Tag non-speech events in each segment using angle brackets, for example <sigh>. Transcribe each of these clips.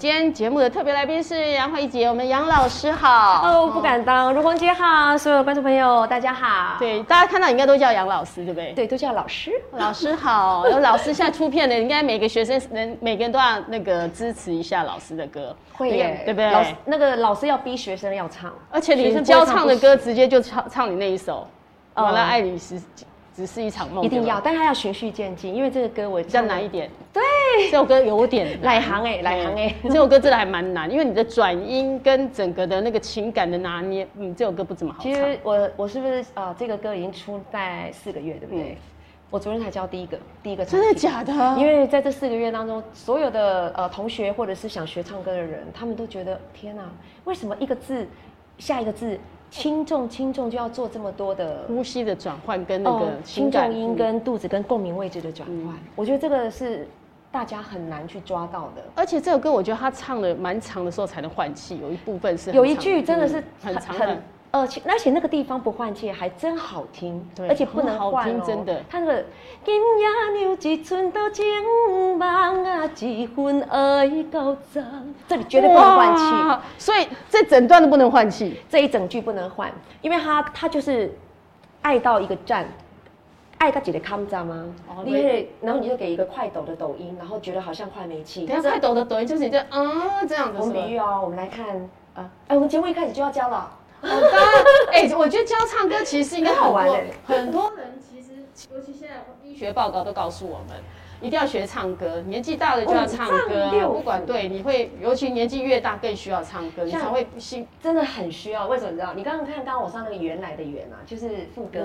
今天節目的特別來賓是楊惠絜，我們楊老師好。哦、oh, 嗯，不敢當，如虹姐好。所有觀眾朋友，大家好。對，大家看到應該都叫楊老師，對不對？對，都叫老師。老師好， <laughs> 然後老師現在出片了，應該每個學生能每個人都要那個支持一下老師的歌，會對，對不對老師？那個老師要逼學生要唱，而且你是教唱的歌直接就唱唱你那一首，好、嗯、了《愛你絲》。只是一場夢。一定要，但他要循序漸進，因為這個歌我比較難一點。對，這首歌有點內 <laughs> 行的，內行的，這首歌真的還蠻難， <laughs> 因為你的轉音跟整個的那個情感的拿捏，嗯，這首歌不怎麼好唱。其實我我是不是啊、呃？這個歌已經出在四個月，對不對？嗯、我昨天才教第一個，第一個真的假的？因為在這四個月當中，所有的呃同學或者是想學唱歌的人，他們都覺得天哪、啊，為什麼一個字下一個字？輕重輕重就要做這麼多的呼吸的轉換，跟那個輕、哦、重音、跟肚子、跟共鳴位置的轉換、嗯。我覺得這個是大家很難去抓到的。而且這首歌，我覺得他唱的蠻長的時候才能換氣，有一部分是部分有一句真的是很，很長的而、呃、且，而且那個地方不換氣還真好聽，對，而且不能換哦，好。真的，他的今夜你有幾寸的江畔啊，幾分愛高站，這裡絕對不能換氣，所以這整段都不能換氣，這一整句不能換，因為他他就是愛到一個站，愛到幾個康家嗎？因、哦、為然後你就給一個快抖的抖音，然後覺得好像快沒氣。等下快抖的抖音就是你這啊、嗯嗯、這樣子。我們比喻哦、啊，我們來看啊，哎、欸，我們節目一開始就要教了。好、 <laughs> 嗯欸、我覺得教唱歌其實應該 <laughs> 好玩，欸，很多人其實，尤其現在醫學報告都告訴我們，一定要學唱歌。年紀大了就要唱歌，哦、不管對，你會尤其年紀越大更需要唱歌，你才會心真的很需要。為什麼你知道？你剛剛看剛剛我上那個《原來的原》啊，就是副歌，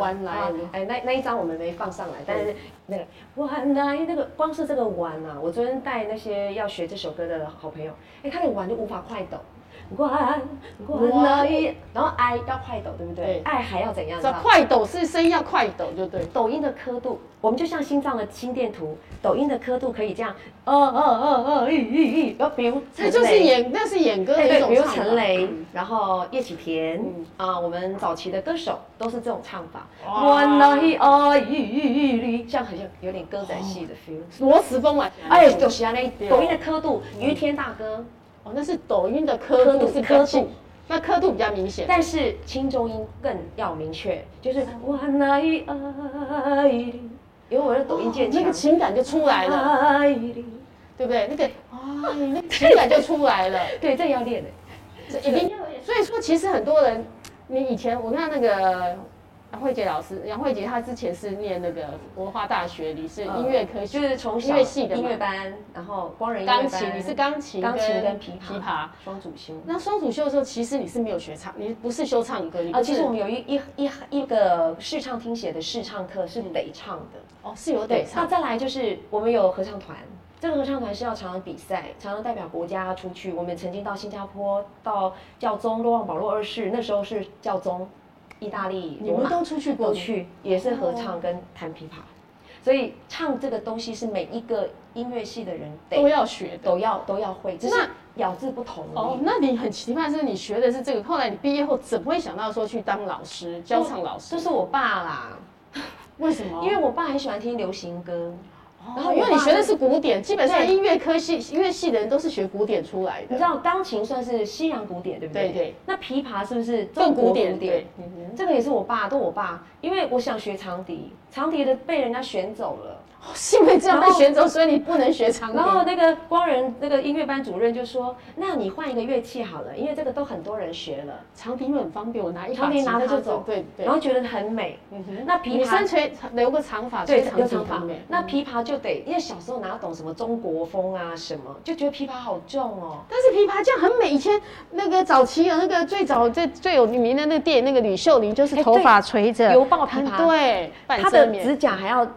哎，那那一張我們沒放上來，但是因為那個《彎來》那個光是這個彎啊，我昨天帶那些要學這首歌的好朋友，欸，他的彎就無法快抖。關來，然後愛要快抖，對不對？對愛還要怎樣？這快抖是聲音要快抖，對不對？抖音的刻度，我們就像心臟的心電圖，抖音的刻度可以這樣。是是哦哦哦哦，咦咦咦！哦，比、哦、如，這就是演，那是演歌的一種唱法。對，對比如陳雷，然後葉啟田，啊、嗯嗯嗯，我們早期的歌手都是這種唱法。關來愛，咦咦咦！這樣好像有點歌仔戲的 feel，螺絲風哎，哎、oh. 欸，就喜歡那。抖音的刻度，余天大哥。嗯嗯哦，那是抖音的刻度，刻度是刻度，那刻度比較明顯，但是輕重音更要明確，就是我那愛的，因為我的抖音健強，那個情感就出來了，對不對？那個情感就出來了，對，這要練的，所以說，其實很多人，你以前我看那個。惠絜老師，楊惠絜，她之前是念那個文化大學，你是音樂科，嗯，就是從音樂系的音樂班，然後光仁音樂班，你是鋼琴，鋼琴跟琵琶雙主修。那雙主修的時候，其實你是沒有學唱，你不是修唱歌。你不是啊，其實我們有一一一一個視唱聽寫的視唱課是雷唱的，哦，是有雷唱。那再來就是我們有合唱團，這個合唱團是要常常比賽，常常代表國家出去。我們曾經到新加坡，到教宗若望保祿二世，那時候是教宗。意大利，你們都出去過，去也是合唱跟彈琵琶，oh, 所以唱這個東西是每一個音樂系的人得都要學的、都要都要會。那、就是、咬字不同哦，oh, 那你很奇怪，是你學的是這個，後來你畢業後怎麼會想到說去當老師、教唱老師？這、就是我爸啦，為 <laughs> 什麼？因為我爸很喜歡聽流行歌。哦、然後，因為你學的是古典，基本上音樂科系、音樂系的人都是學古典出來的。你知道，鋼琴算是西洋古典，對不對？對、對。那琵琶是不是更古典一點？嗯。這個也是我爸，都我爸，因為我想學長笛。長笛的被人家選走了，因、哦、為這樣被選走，所以你不能學長笛、嗯。然後那個光仁那個音樂班主任就說：“那你換一個樂器好了，因為這個都很多人學了，長笛很方便，我拿一長笛拿着就走。對，對對。然後覺得很美。嗯哼。那琵琶，女生垂留個長髮垂、就是、長長髮。那琵琶就得，因為小時候哪懂什麼中國風啊什麼，就覺得琵琶好重哦。但是琵琶這樣很美，嗯、以前那個早期啊，那個最早最最有名的那個電影、嗯，那個呂秀玲就是頭髮垂着，猶、欸、抱琵琶。嗯、對，她的。指甲還要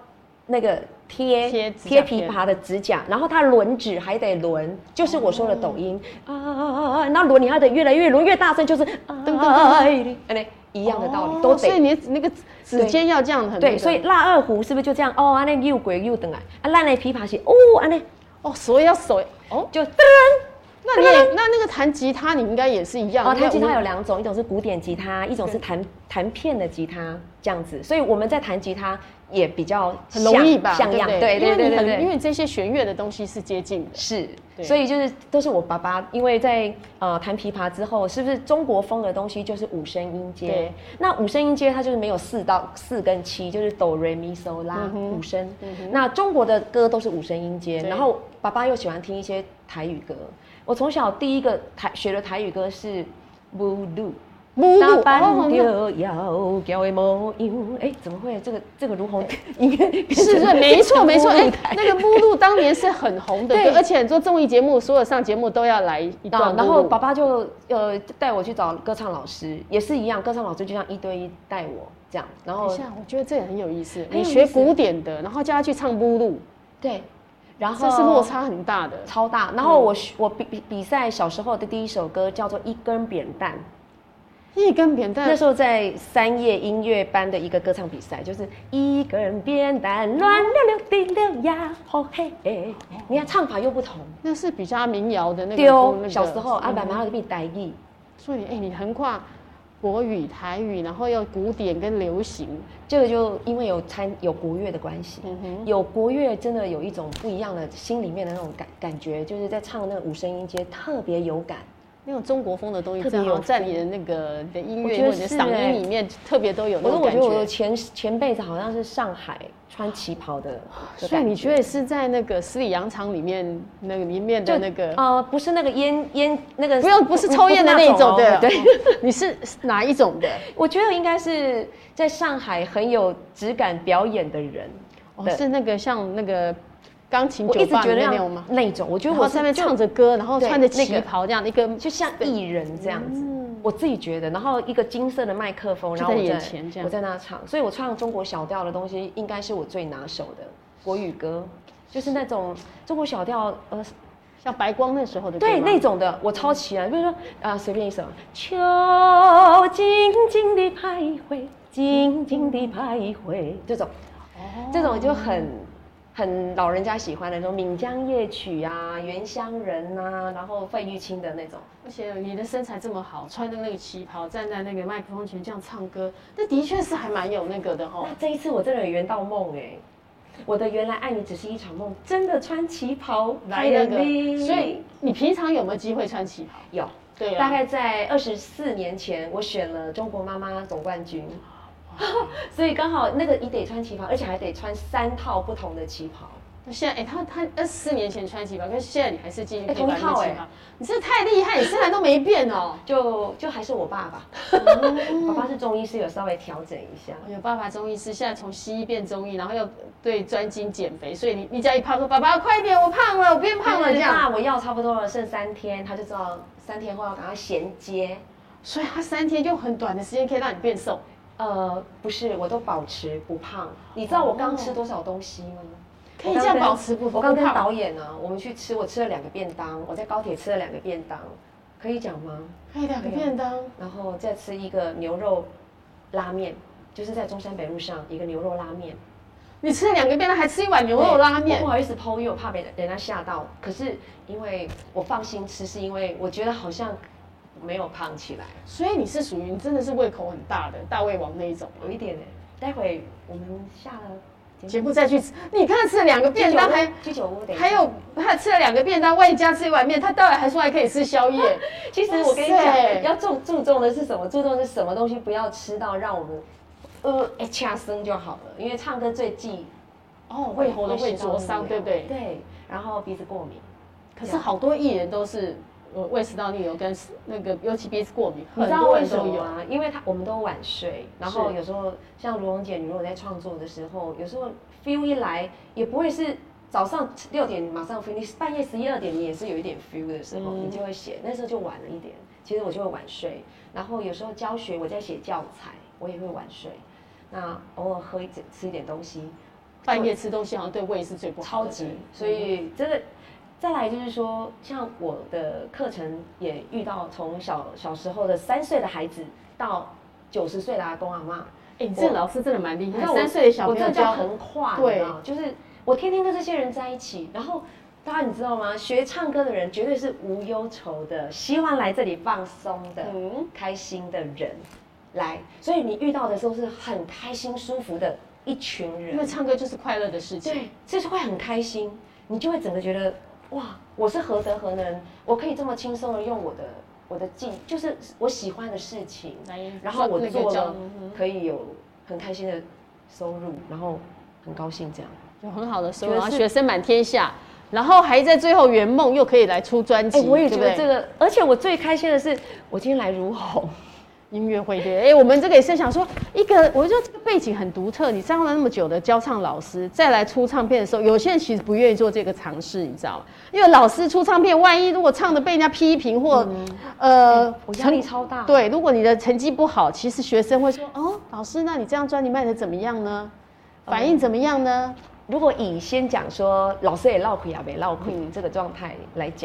那個貼貼琵琶的指甲，然後它輪指還得輪，就是我說的抖音啊啊啊啊！然後輪你還得越來越輪，輪越大聲就是噔噔噔噔，哎一樣的道理、哦，都得。所以你那個指尖要這樣很，那個，對，對，所以拉二胡是不是就這樣？哦，安尼又快又等啊！啊，拉那琵琶是哦安尼哦，所以要手哦就噔，噔。那那那那個彈吉他你應該也是一樣哦。彈、啊、吉他有兩種，一種是古典吉他，一種是彈彈片的吉他這樣子。所以我們在彈吉他也比較很容易吧，像樣對，對，對，對，對，對。因為你很因為這些弦樂的東西是接近的，是。所以就是都是我爸爸，因為在呃彈琵琶之後，是不是中國風的東西就是五聲音階？對。那五聲音階它就是沒有四到四跟七，就是哆、so, 嗯、瑞咪、嗦、拉五聲。那中國的歌都是五聲音階，然後爸爸又喜歡聽一些台語歌。我從小第一個台學的台語歌是《舞女》，舞女。哦，紅紅。搭板丟搖，哎，怎麼會？這個、這個、如紅、欸、音樂是，是？沒錯沒錯。哎、欸，那個《舞女》當年是很紅的歌，對，而且做綜藝節目，所有上節目都要來一段、啊。然後爸爸就呃帶我去找歌唱老師，也是一樣，歌唱老師就像一對一帶我這樣。然後，我覺得這也很有，很有意思。你學古典的，然後叫他去唱《舞女》。對。然後這是落差很大的，超大。然後我我比比、比賽小時候的第一首歌叫做《一根扁擔》，一根扁擔。那時候在三葉音樂班的一個歌唱比賽，就是一根扁擔、嗯，亂溜溜地溜呀，吼、啊、嘿、欸欸。你看唱法又不同，那是比較民謠的那個歌、哦。小時候阿爸、那個啊、媽會給你帶藝，所以哎、欸，你橫跨。國語、台語，然後有古典跟流行，這個就因為有參有國樂的關係，有國樂、嗯、真的有一種不一樣的心裡面的那種感感覺，就是在唱那個五聲音階特別有感。那種中國風的東西，特別在你的那個的音樂或者你的嗓音裡面特別都有那種。感覺，我覺得是，欸。我覺得我的前前輩子好像是上海穿旗袍的。但你覺得是在那個十里洋場裡面，那個裡面的那個？啊、呃，不是那個煙煙那個。不用，不是抽烟的那一種的，哦哦。對，你是，是哪一種的？ <laughs> 我覺得應該是在上海很有質感表演的人。哦，是那個像那個。鋼琴我一直覺得那種，那種，我覺得我在那唱着歌，然後穿着旗袍這樣，一、那個就像藝人這樣子、嗯，我自己覺得。然後一個金色的麥克風，然後我在，就在我在那唱，所以我唱中國小調的東西應該是我最拿手的國語歌，就是那種中國小調，呃，像白光那時候的對那種的，我超喜歡、啊嗯。比如說啊，隨、呃、便一首《秋》靜靜地徘徊，靜靜地徘徊，靜靜地徘徊，這種、哦，這種就很。很老人家喜歡的那種《閩江夜曲》啊，《原鄉人》啊吶，然後費玉清的那種。而且你的身材這麼好，穿的那個旗袍，站在那個麥克風前這樣唱歌，那的確是還蠻有那個的哦。這一次我真的有圓到夢哎、欸， <laughs> 我的原來愛你只是一場夢，真的穿旗袍來那個。那個、所以你平常有沒有機會穿旗袍？有，對、啊，大概在二十四年前，我選了中國媽媽總冠軍。 <laughs> 所以剛好那個你得穿旗袍，而且還得穿三套不同的旗袍。那現在哎、欸，他他四年前穿旗袍，可是現在你還是繼續可以的、欸、同套哎、欸，你是太厲害，你身材都沒變哦。就就還是我爸爸， <laughs> 嗯、爸爸是中醫師，有稍微調整一下。我 <laughs> 有、嗯、爸爸中醫師，現在從西醫變中醫，然後又對專精減肥，所以你你家一胖說爸爸快一點，我胖了，我變胖了你爸這樣。我要差不多了，剩三天，他就知道三天後要趕快銜接，所以他三天就很短的時間可以讓你變瘦。呃，不是，我都保持不胖。哦，你知道我剛吃多少東西嗎？可以這樣保持不服？我剛跟，跟導演啊，我們去吃，我吃了兩個便當，我在高鐵吃了兩個便當，可以講嗎？可以兩個便當，然後再吃一個牛肉拉麵，就是在中山北路上一個牛肉拉麵。你吃了兩個便當，還吃一碗牛肉拉麵，我不好意思 PO，因為我怕被人，人家嚇到。可是因為我放心吃，是因為我覺得好像。沒有胖起來，所以你是屬於真的是胃口很大的大胃王那一種、啊，有一點呢。待會我們下了節目，目再去吃，你看吃了兩個便當，還還有他吃了兩個便當外加吃一碗麵，他到底還說還可以吃宵夜？ <laughs> 其實我跟你講，要重注重的是什麼？注重的是什麼東西不要吃到讓我們呃嗆聲就好了，因為唱歌最忌哦胃喉都會喉嚨會灼傷，對不對，對？對，然後鼻子過敏，可是好多藝人都是。我胃食道逆流跟那個尤其鼻子過敏，你知道為什麼有啊？因為他、嗯、我們都晚睡，然後有時候像如蓉姐，你如果在創作的時候，有時候 feel 一來，也不會是早上六點馬上 feel，你半夜十一二點你也是有一點 feel 的時候，嗯、你就會寫，那時候就晚了一點。其實我就會晚睡，然後有時候教學我在寫教材，我也會晚睡。那偶爾喝一點吃一點東西，半夜吃東西好像對胃是最不好的。超級，所以真的。嗯再來就是說，像我的課程也遇到從小小時候的三歲的孩子到九十歲的阿公阿媽哎、欸，你這老師真的蠻厲害。三歲的小朋友教，我這叫橫跨，對 know, 就是我天天跟這些人在一起，然後大家你知道嗎？學唱歌的人絕對是無憂愁的，希望來這裡放鬆的，嗯，開心的人來，所以你遇到的時候是很開心、舒服的一群人。因為唱歌就是快樂的事情，對，就是會很開心，你就會整個覺得。哇！我是何德何能，我可以這麼輕鬆的用我的我的技，就是我喜歡的事情，哎、然後我那個、嗯嗯嗯，可以有很開心的收入，然後很高興這樣，有很好的收入，然後學生滿天下，然後還在最後圓夢，又可以來出專輯、欸。我也覺得這個對對，而且我最開心的是，我今天來如虹音樂會對，哎、欸，我們這個也是想說，一個，我覺得這個背景很獨特。你上了那麼久的教唱老師，再來出唱片的時候，有些人其實不願意做這個嘗試，你知道嗎？因為老師出唱片，萬一如果唱的被人家批評或、嗯、呃，欸、我壓力超大、啊。對，如果你的成績不好，其實學生會說：“哦、嗯，老師，那你這張專輯賣的怎麼樣呢？反應怎麼樣呢？”嗯、如果以先講說，老師也嘮嗑呀，沒嘮嗑，這個狀態來講。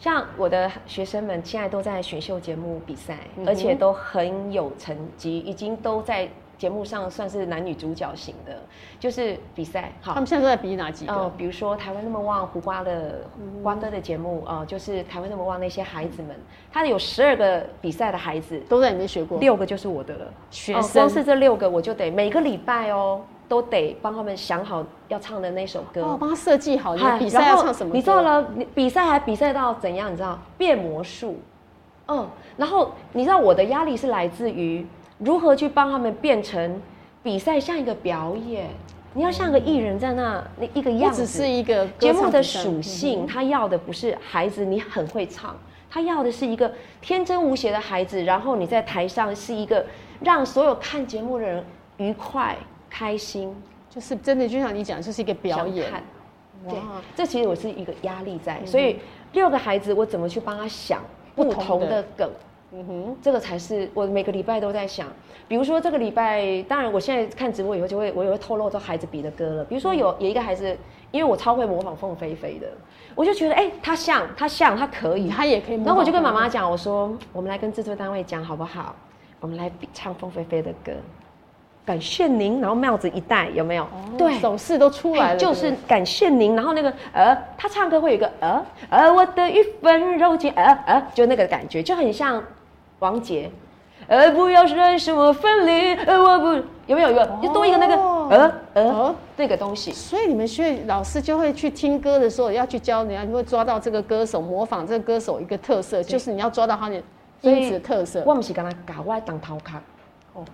像我的學生們現在都在選秀節目比賽，嗯，而且都很有成績，已經都在節目上算是男女主角型的，就是比賽。好，他們現在都在比哪幾個？嗯、比如說《台灣那麼旺》胡瓜的、關的的節目，啊、嗯嗯，就是《台灣那麼旺》那些孩子們，他有十二個比賽的孩子都在裡面學過，六個就是我的了。學生，光、嗯、是這六個我就得每個禮拜哦。都得幫他們想好要唱的那首歌，哦，幫他設計好。你比賽要唱什麼歌啊？你知道了，比賽還比賽到怎樣？你知道變魔術，嗯，然後你知道我的壓力是來自於如何去幫他們變成比賽像一個表演，嗯、你要像個藝人在那那一個樣子。是一個節目的屬性，他、嗯、要的不是孩子你很會唱，他要的是一個天真無邪的孩子，然後你在台上是一個讓所有看節目的人愉快。開心就是真的，就像你講，就是一個表演，對。哇，這其實我是一個壓力在、嗯，所以六個孩子，我怎麼去幫他想不同的梗？嗯哼，這個才是我每個禮拜都在想。比如說這個禮拜，當然我現在看直播以後就會，我也會透露這孩子比的歌了。比如說有、嗯、有一個孩子，因為我超會模仿鳳飛飛的，我就覺得哎、欸，他像，他像，他可以，嗯、他也可以。然後我就跟媽媽講，我說我們來跟製作單位講好不好？我們來唱鳳飛飛的歌。感謝您，然後帽子一戴有沒有？哦、對，手勢都出來了。就是感謝您，然後那個呃，他唱歌會有一個呃呃，我的一份柔情，呃呃，就那個感覺就很像王杰。呃，不要談什麼分離，呃，我不有沒有有就多一個那個、哦、呃呃，呃那個東西。所以你們去老師就會去聽歌的時候，要去教你，你會抓到這個歌手，模仿這個歌手一個特色，就是你要抓到他的音質特色。我唔係咁樣搞，我係當頭卡。哦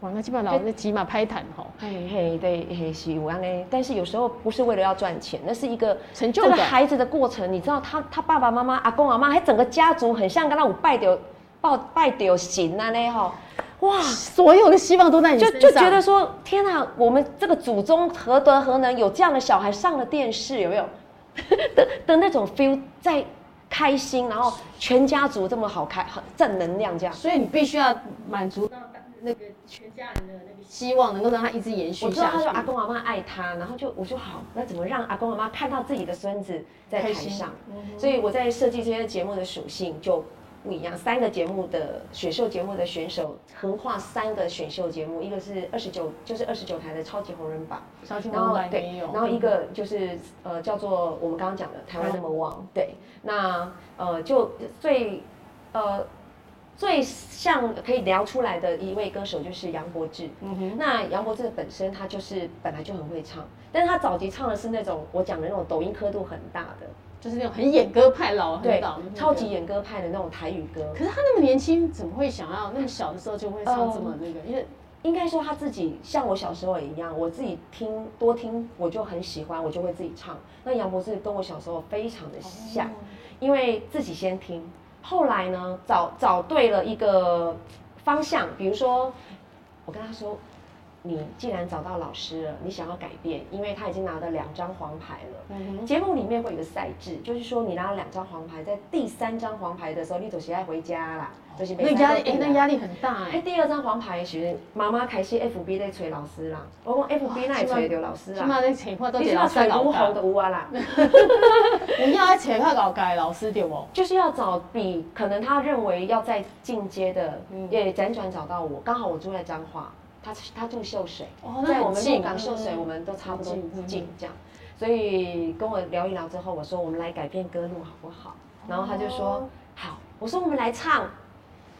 哇，那基本上老的起碼拍坦吼，嘿嘿、嘿，對，嘿喜歡嘞。但是有時候不是為了要賺錢，那是一個成就。這個孩子的過程，你知道他，他他爸爸媽媽、阿公阿媽，還整個家族，很像剛剛我拜到、抱拜到神呢嘞吼。哇，所有的希望都在你身上，就,就覺得說天哪，我們這個祖宗何德何能，有這樣的小孩上了電視，有沒有？的 <laughs> 的那種 feel 在開心，然後全家族這麼好開，正能量這樣。所以你必須要滿足那個全家人的那個希望能夠讓他一直延續下去。我知道他說阿公阿媽愛他，然後就我說好，那怎麼讓阿公阿媽看到自己的孫子在台上？所以我在設計這些節目的屬性就不一樣。三個節目的選秀節目的選手橫跨三個選秀節目，一個是二十九，就是二十九台的超級紅人榜，超級紅人榜沒有，然後對，然後一個就是呃叫做我們剛剛講的台灣那麼旺，對，那呃就最呃。最像可以聊出來的一位歌手就是楊博智。嗯、那楊博智本身他就是本來就很會唱，但是他早期唱的是那種我講的那種抖音刻度很大的，就是那種很演歌派老，對，嗯、超級演歌派的那種台語歌。嗯、可是他那麼年輕，怎麼會想要那麼小的時候就會唱這麼那個？因、呃、為應該說他自己像我小時候一樣，我自己聽多聽，我就很喜歡，我就會自己唱。那楊博智跟我小時候非常的像，哦，因為自己先聽。後來呢，找找對了一個方向，比如說，我跟他說。你既然找到老師了，你想要改變，因為他已經拿了兩張黃牌了。嗯哼。節目裡面會有一個賽制，就是說你拿了兩張黃牌，在第三張黃牌的時候，你就是要回家啦，就是被開除。那壓力，欸、那壓力很大哎、欸。第二張黃牌，其實媽媽開始 FB 在催老師，了老師了、哦、了啦。我講 FB 那也催劉老師啦。你媽在催，我都的啊啦。不要在催他老街老師點哦。就是要找比可能他認為要再進階的，也輾轉找到我，剛好我住在彰化。他他住秀水。哦，那我們離港秀水我們都差不多近、嗯嗯、這樣，所以跟我聊一聊之後，我說，我們來改變歌路好不好？然後他就說、哦、好。我說，我們來唱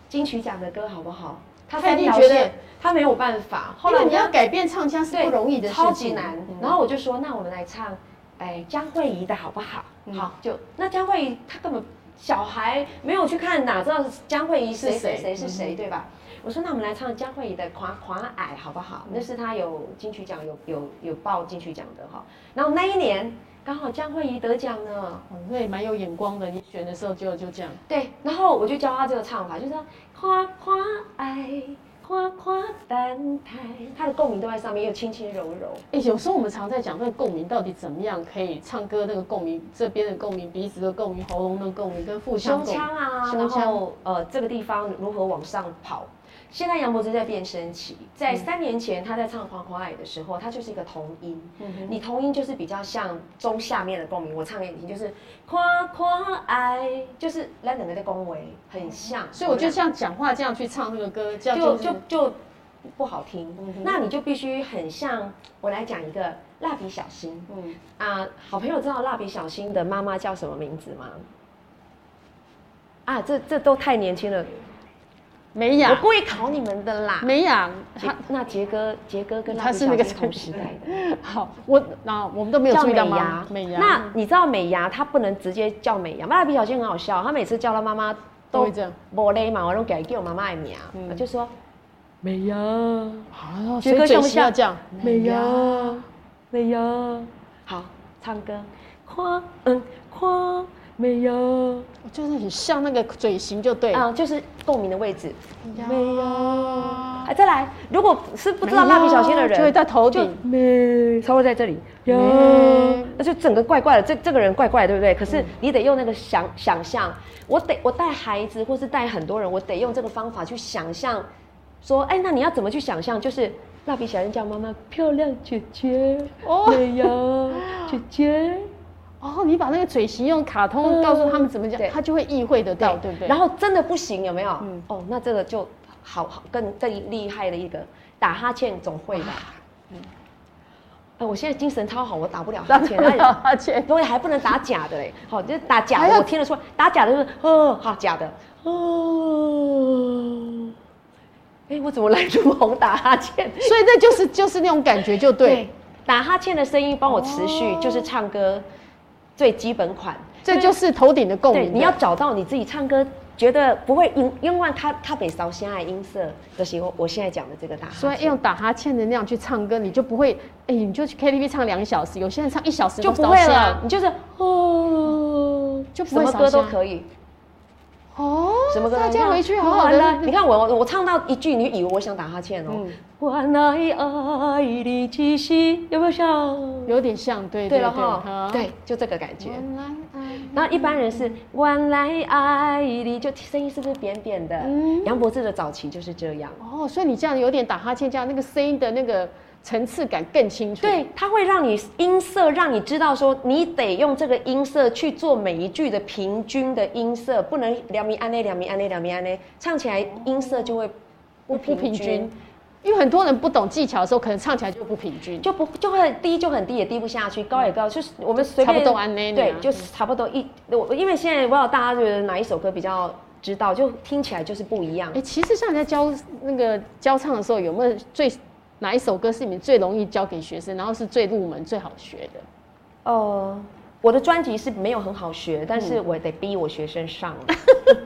金曲獎的歌好不好？他肯定覺得他沒有辦法。後來你要改變唱腔是不容易的，超級難、嗯。然後我就說，那我們來唱，誒、哎、江蕙怡的好不好？嗯、好，就那江蕙怡她根本小孩沒有去看，哪知道江蕙怡是誰誰、誰、誰、嗯、是誰對吧？我說那我們來唱江蕙的《花花愛》好不好？嗯、那是她有金曲獎，有有有報金曲獎的哈。然後那一年剛好江蕙得獎了、嗯，對，蠻有眼光的。你選的時候就就這樣。對，然後我就教她這個唱法，就是說花花愛，花花單台，她的共鳴都在上面，又輕輕柔柔。哎、欸，有時候我們常在講，那共鳴到底怎麼樣可以唱歌？那個共鳴，這邊的共鳴，鼻子的共鳴，喉嚨的共鳴，跟腹腔共鳴，胸腔啊，胸腔，然後，呃這個地方如何往上跑？現在楊博士在變聲期，在三年前他在唱《誇誇愛》的時候，他就是一個童音。嗯、哼你童音就是比較像中下面的共鳴，我唱給你聽，就是誇誇愛，就是那兩的公恭維，很像，嗯。所以我就像講話這樣去唱那個歌，就是，就就，就不好聽。嗯、那你就必須很像。我來講一個《蠟筆小新》嗯。嗯啊，好朋友知道《蠟筆小新》的媽媽叫什麼名字嗎？啊，這這都太年輕了。美伢，我故意考你們的啦、嗯。美伢，他、欸、那杰哥，杰哥跟他是那個同時代的。好，我那、啊、我們都沒有叫注意到嗎？美伢、嗯、那你知道美伢他不能直接叫美伢，蠟筆小新很好笑，他每次叫他媽媽都會這樣，我叻嘛，我攏改叫我媽媽的名，嗯嗯啊、就說美伢，好，杰哥就笑不笑？美伢、啊，美伢，好，唱歌，誇嗯，誇。沒有，就是很像那個嘴型就對啊，就是共鳴的位置。沒有，啊再來，如果是不知道蠟筆小新的人，就會在頭頂，稍微在這裡，有，那就整個怪怪的，這這個人怪怪的，對不對？可是你得用那個想想象，嗯，我得我帶孩子，或是帶很多人，我得用這個方法去想象，說，哎、欸，那你要怎麼去想象？就是蠟筆小新叫媽媽漂亮姐姐，沒有 <laughs> 姐姐。哦，你把那個嘴型用卡通告訴他們怎麼講，嗯，他就會意會得到，對不對？對，對？然後真的不行，有沒有？嗯，哦，那這個就好好更更厲害的一個打哈欠總會吧。啊，嗯，哎，哦，我現在精神超好，我打不了哈欠，打哈欠，不過還不能打假的嘞。 <laughs> 好，就打假的，我聽得出來，打假的，就是，哦好假的，哦，哎，欸，我怎麼來這麼紅打哈欠？所以那就是就是那種感覺就，就對，打哈欠的聲音幫我持續，哦，就是唱歌。最基本款，這就是頭頂的共鳴。對，你要找到你自己唱歌覺得不會因，因為他他比較偏愛音色的時候，我現在講的這個打哈。所以用打哈欠的那樣去唱歌，你就不會。哎、欸，你就去 KTV 唱兩小時，有些人唱一小時就不會了。你就是，哦、就什麼歌都可以。哦，什麼大家回去，嗯、好晚了。你看我，我唱到一句，你以為我想打哈欠哦。我來愛你氣息，有沒有像？有點像，對對對，對，對、哦嗯，對，就這個感覺。晚然後一般人是晚來愛你就聲音是不是扁扁的？嗯、楊博士的早期就是這樣。哦，所以你這樣有點打哈欠，這樣那個聲音的那個。層次感更清楚對，對它會讓你音色，讓你知道說你得用這個音色去做每一句的平均的音色，不能兩米按呢，兩米按呢，兩米按呢，唱起來音色就會不平不平均，因為很多人不懂技巧的時候，可能唱起來就不平均，就不就會低就很低，也低不下去，高也高，嗯、就是我們隨便差不多按呢，對，就是差不多一，嗯、我因為現在不知道大家覺得哪一首歌比較知道，就聽起來就是不一樣。哎、欸，其實像你在教那個教唱的時候，有沒有最？哪一首歌是你最容易教給學生，然後是最入門最好學的？哦、呃，我的專輯是沒有很好學，但是我得逼我學生上了、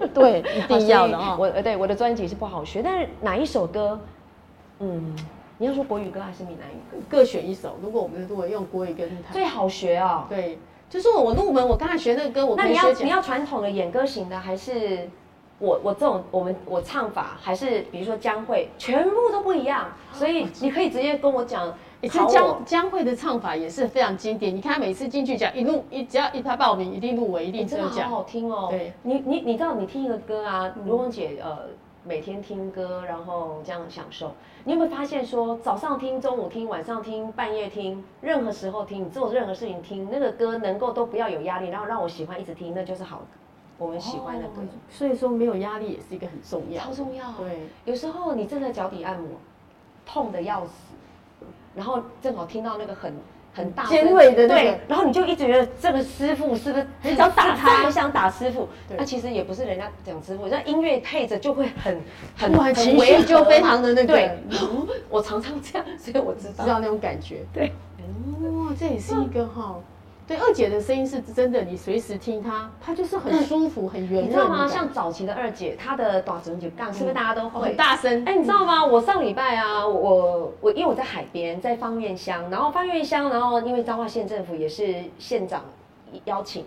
嗯。對，一 <laughs> 定要的啊、哦！我對我的專輯是不好學，但是哪一首歌？嗯，你要說國語歌還是閩南語歌，各選一首。如果我們如果用國語歌最好學哦。對，就是我入門，我剛才學那個歌，我那你要你要傳統的演歌型的還是？我我這種我們我唱法還是比如說江蕙，全部都不一樣，所以你可以直接跟我講。其實江江蕙的唱法也是非常經典，你看她每次進去講，一錄，一只要一她報名一定錄我，我一定真的，講、欸、真的好好聽哦。對，你你你知道你聽一個歌啊，如、嗯、夢姐呃每天聽歌，然後這樣享受。你有沒有發現說早上聽、中午聽、晚上聽、半夜聽、任何時候聽，你做任何事情聽那個歌，能夠都不要有壓力，然後讓我喜歡一直聽，那就是好。我們喜歡的對、哦、所以說沒有壓力也是一個很重要。超重要、啊。對，有時候你正在腳底按摩，痛得要死，然後正好聽到那個很很大聲音很尖銳的、那個、對，對然後你就一直覺得這個師傅是不是很想打他，很想打師傅？那其實也不是人家講師傅，那音樂配着就會很很很違和，就非常的那個。對，對，我常常這樣，所以我知道，知道那種感覺。對，哇、嗯，這也是一個哈。嗯哦對，二姐的聲音是真的，你隨時聽她，她就是很舒服、啊、很圓潤，你知道嗎？像早期的二姐，她的短折就槓，是不是大家都、嗯哦、很大聲？哎，你知道嗎？嗯、我上禮拜啊，我我因為我在海邊，在芳苑鄉，然後芳苑鄉，然後因為彰化縣政府也是縣長邀請，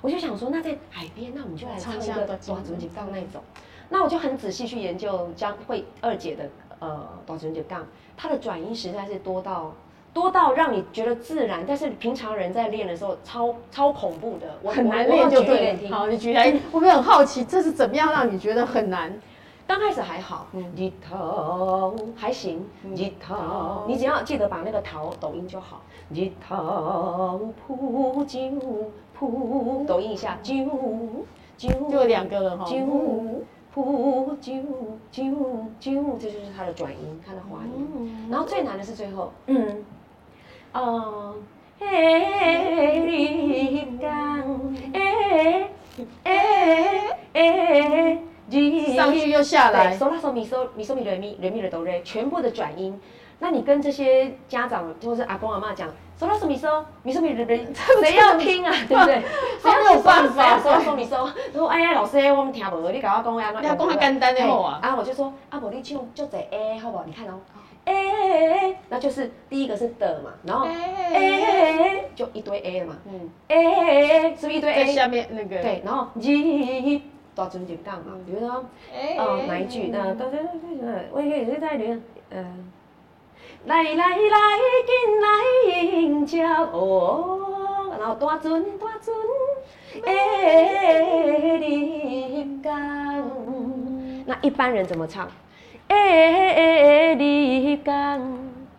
我就想說，那在海邊，那我們就來唱一個短折頸槓那種、嗯嗯。那我就很仔細去研究江蕙二姐的呃短折頸槓，它的轉音實在是多到。多到讓你覺得自然，但是平常人在練的時候超超恐怖的，我很難練就聽對。好，你舉起來。我們很好奇，這是怎麼樣讓你覺得很難？剛、嗯、開始還好，嗯、還行、嗯頭。你只要記得把那個頭抖音就好。嗯、抖音一下，就就有兩個人哈。就就就、哦嗯、這就是它的轉音，它的滑音、嗯。然後最難的是最後，嗯。哦、嘿嘿上去又下來，對，sol la sol mi sol mi sol mi re mi re mi re do re，全部的轉音、嗯。那你跟這些家長，就是阿公阿媽講 sol la sol mi sol mi sol mi re 誰要聽啊？對不對？誰有辦法 sol la sol mi sol，哎呀，老師，我們聽無，你跟我講，我你講太、啊、簡單的了，啊。我就說，阿、啊、婆，你唱就這好不好？你看哦。哎、欸欸，那就是第一個是的嘛，然後哎、欸、就一堆哎了嘛，哎、嗯欸、是不是一堆哎？下面那個對，然後日，大船入港嘛，比如說哦、欸喔、哪一句，欸、那大船我我再練，嗯，來來來，快來迎接哦，然後大船大船哎入港，那一般人怎麼唱？哎，力剛、哎哎哎、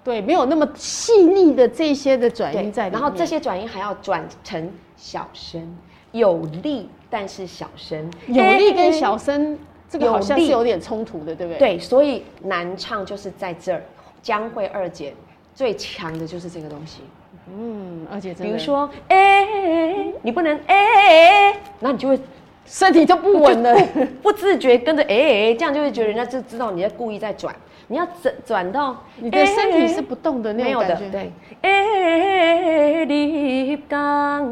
對，沒有那麼細膩的這些的轉音在裡，然後這些轉音還要轉成小聲，有力但是小聲，有力跟小聲、哎、這個好像是有點衝突的，對不對？對，所以難唱就是在這兒。江蕙二姐最強的就是這個東西，嗯，二姐真的，比如說哎，哎，你不能哎，那、哎哎、你就會身體就不穩了，不自覺跟着哎哎這樣就會覺得人家就知道你在故意在轉。你要轉轉到、欸、你的身體是不動的那，沒有的，對。誒、欸，立剛，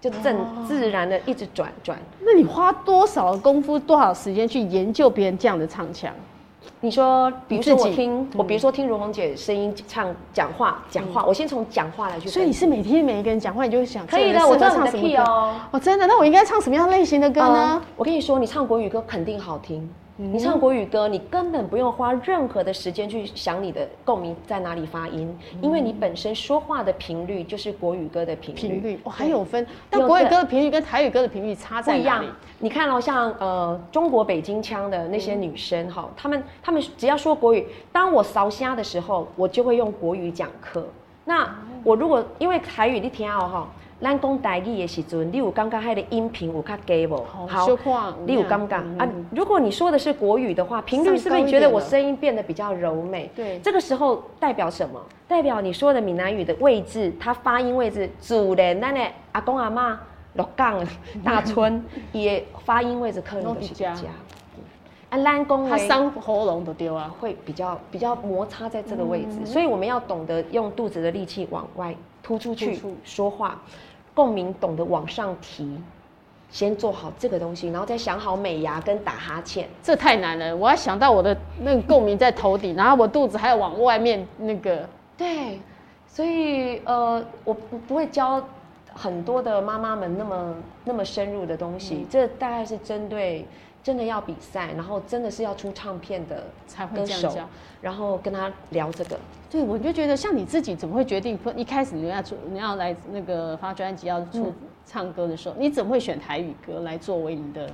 就正、哦、自然的一直轉轉。那你花多少功夫、多少時間去研究別人這樣的唱腔？你說，比如說我聽，嗯、我比如說聽如虹姐聲音唱講話講話、嗯，我先從講話來去。所以你是每天每一個人講話，你就想可以的。我知道唱什麼歌？屁哦，oh, 真的？那我應該唱什麼樣類型的歌呢？Uh, 我跟你說，你唱國語歌肯定好聽。你唱國語歌，你根本不用花任何的時間去想你的共鳴在哪裡發音，因為你本身說話的頻率就是國語歌的頻率。頻率哦、喔，還有分？但國語歌的頻率跟台語歌的頻率差在哪裡？不一樣，你看囉，像呃中國北京腔的那些女生哈、嗯，他們他們只要說國語，當我掃蝦的時候，我就會用國語講課。那我如果因為台語你聽哦咱講台語的時候，你有剛剛他的音頻有看給無好，你有剛剛啊，如果你說的是國語的話，頻率是不是覺得我聲音變得比較柔美？對，這個時候代表什麼？代表你說的閩南語的位置，它發音位置，祖的那奶阿公阿媽，鹿港大村，也 <laughs> <laughs> 發音位置可能都是家。啊，蘭公他傷喉嚨都丟了，會比較比較摩擦在這個位置嗯嗯嗯，所以我們要懂得用肚子的力氣往外突出去突出說話。共鳴懂得往上提，先做好這個東西，然後再想好美牙跟打哈欠。這太難了，我要想到我的那個共鳴在頭頂， <laughs> 然後我肚子還要往外面那個。對，所以呃，我不會教很多的媽媽們那麼那麼深入的東西，嗯，這大概是針對。真的要比賽，然後真的是要出唱片的歌手才會這樣叫，然後跟他聊這個。對，我就覺得像你自己，怎麼會決定？一開始你要出，你要來那個發專輯要出、嗯、唱歌的時候，你怎麼會選台語歌來作為你的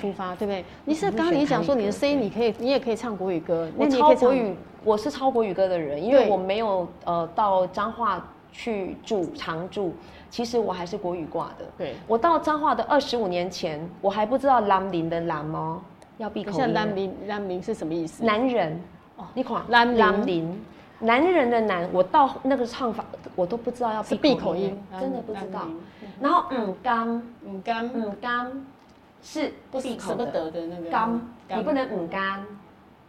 出發，嗯、對不對？你是剛剛你講說你的聲音，你可以，你也可以唱國語歌。那你可以超國語，我是超國語歌的人，因為我沒有呃到彰化去住常住。其實我還是國語掛的。對，我到彰化的二十五年前，我還不知道蘭林的蘭嗎、哦？要閉口音。像蘭陵，蘭陵是什麼意思？男人。哦，你講蘭蘭林，男人的男，我到那個唱法，我都不知道要閉口音，口音真的不知道。然後五、嗯嗯嗯嗯嗯、甘，五甘，五甘，是不閉口的。甘，甘你不能五甘，甘。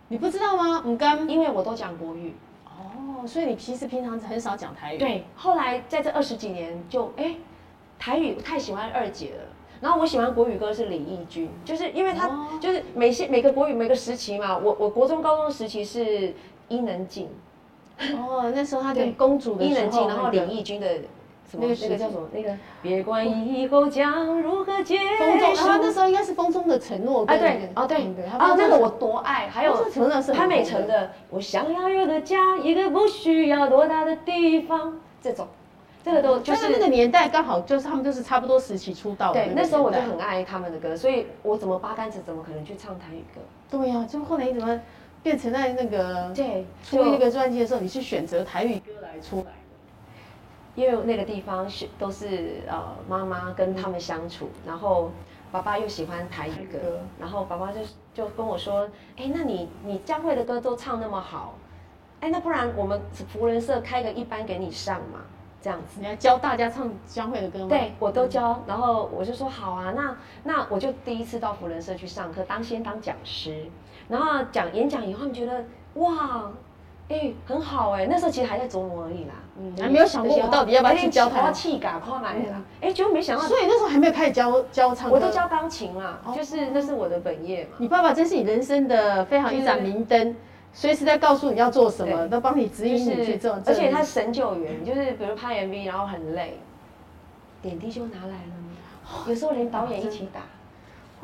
你不知道嗎？五甘。因為我都講國語。哦、oh，所以你其實平常很少講台語。對，後來在這二十幾年就，就、欸、哎，台語我太喜歡二姐了。然後我喜歡國語歌是李翊君，就是因為他、oh. 就是每些每個國語每個時期嘛。我我國中、高中時期是伊能靜。哦、oh，那時候他跟公主的時候伊能靜，然後李翊君的。那個那個叫什麼？那個別管以後將如何結束。然後他那時候應該是《風中的承諾》啊。哎對，哦、啊、對，哦、啊啊，那個我多愛，還有潘、哦、美辰的、嗯。我想要有個家，一個不需要多大的地方。這種，這個都就是那個年代剛好就是他們都是差不多時期出道的。對，那時候我就很愛他們的歌，所以我怎麼八竿子怎麼可能去唱台語歌？對呀、啊，就後來你怎麼變成在那個對出一、那個專輯的時候，你去選擇台語歌來出來？因為那個地方是都是呃媽媽跟他們相處，然後爸爸又喜歡台語歌，語歌然後爸爸就就跟我說，哎、欸，那你你江蕙的歌都唱那麼好，哎、欸，那不然我們福人社開個一班給你上嘛，這樣子，你要教大家唱江蕙的歌嗎？對，我都教。然後我就說好啊，那那我就第一次到福人社去上課，當先當講師，然後講演講以後，覺得哇。哎、欸，很好，哎、欸，那時候其實還在琢磨而已啦，嗯，還、啊、沒有想過我到底要不要去教他。有氣感，看來哎，哎，結果沒想到。所以那時候還沒有開始教教唱歌。我都教鋼琴啦，就是那是我的本業嘛。你爸爸真是你人生的非常一盞明燈，隨時在告訴你要做什麼，都幫你指引你去做，就是。而且他神救援，就是比如拍 MV 然後很累，點滴就拿來了，哦、有時候連導演一起打。啊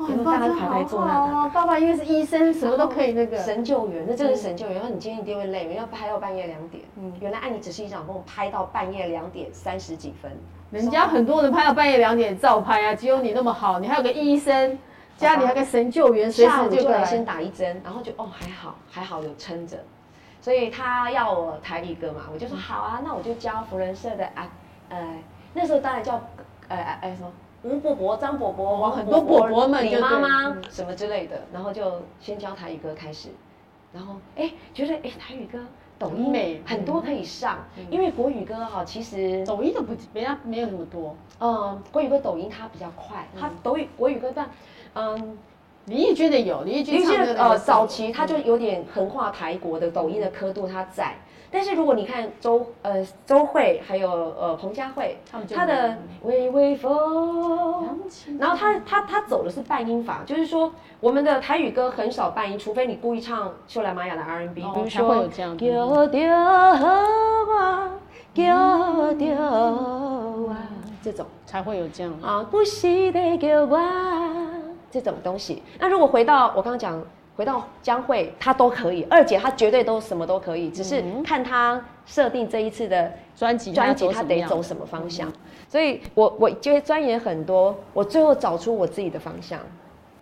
哦大家來哦、爸爸真那個爸爸因為是醫生，什麼都可以那個神救援。那真是神救援，嗯、然後你今天一定會累，要拍到半夜兩點、嗯。原來愛你只是一場，共拍到半夜兩點三十幾分。人家很多人拍到半夜兩點照拍啊，只有你那麼好。你還有個醫生，嗯、家裡還有個神救援，隨時、啊、就過來先打一針，然後就哦還好還好有撐着。所以他要我抬一個嘛，我就說、嗯、好啊，那我就教福人社的啊呃那時候當然叫呃哎,哎什麼。吳、嗯、伯伯、張伯伯、伯伯、很多伯伯們、媽媽什麼之類的、嗯，然後就先教台語歌開始，然後誒覺得誒台語歌抖音很多可以上，嗯、因為國語歌哈其實抖音都不沒沒有那麼多，嗯，國語歌抖音它比較快，嗯、它抖音國語歌但嗯。李翊君的有，李翊君的那個。李翊君呃，早期他就有點橫跨台國的抖音的刻度，他在。但是如果你看周呃周蕙，還有呃彭佳慧，他們就他的微微風，然後他他他走的是半音法，嗯、就是說我們的台語歌很少半音，除非你故意唱秀蘭瑪雅的 R&B，、哦、比如說。叫着我，叫着我，這種才會有這樣的。啊，不曉得叫我。這種東西，那如果回到我剛剛講，回到江蕙，她都可以。二姐她絕對都什麼都可以，嗯、只是看她設定這一次的專輯，專輯她得走什麼方向。嗯、所以我我就會鑽研很多，我最後找出我自己的方向，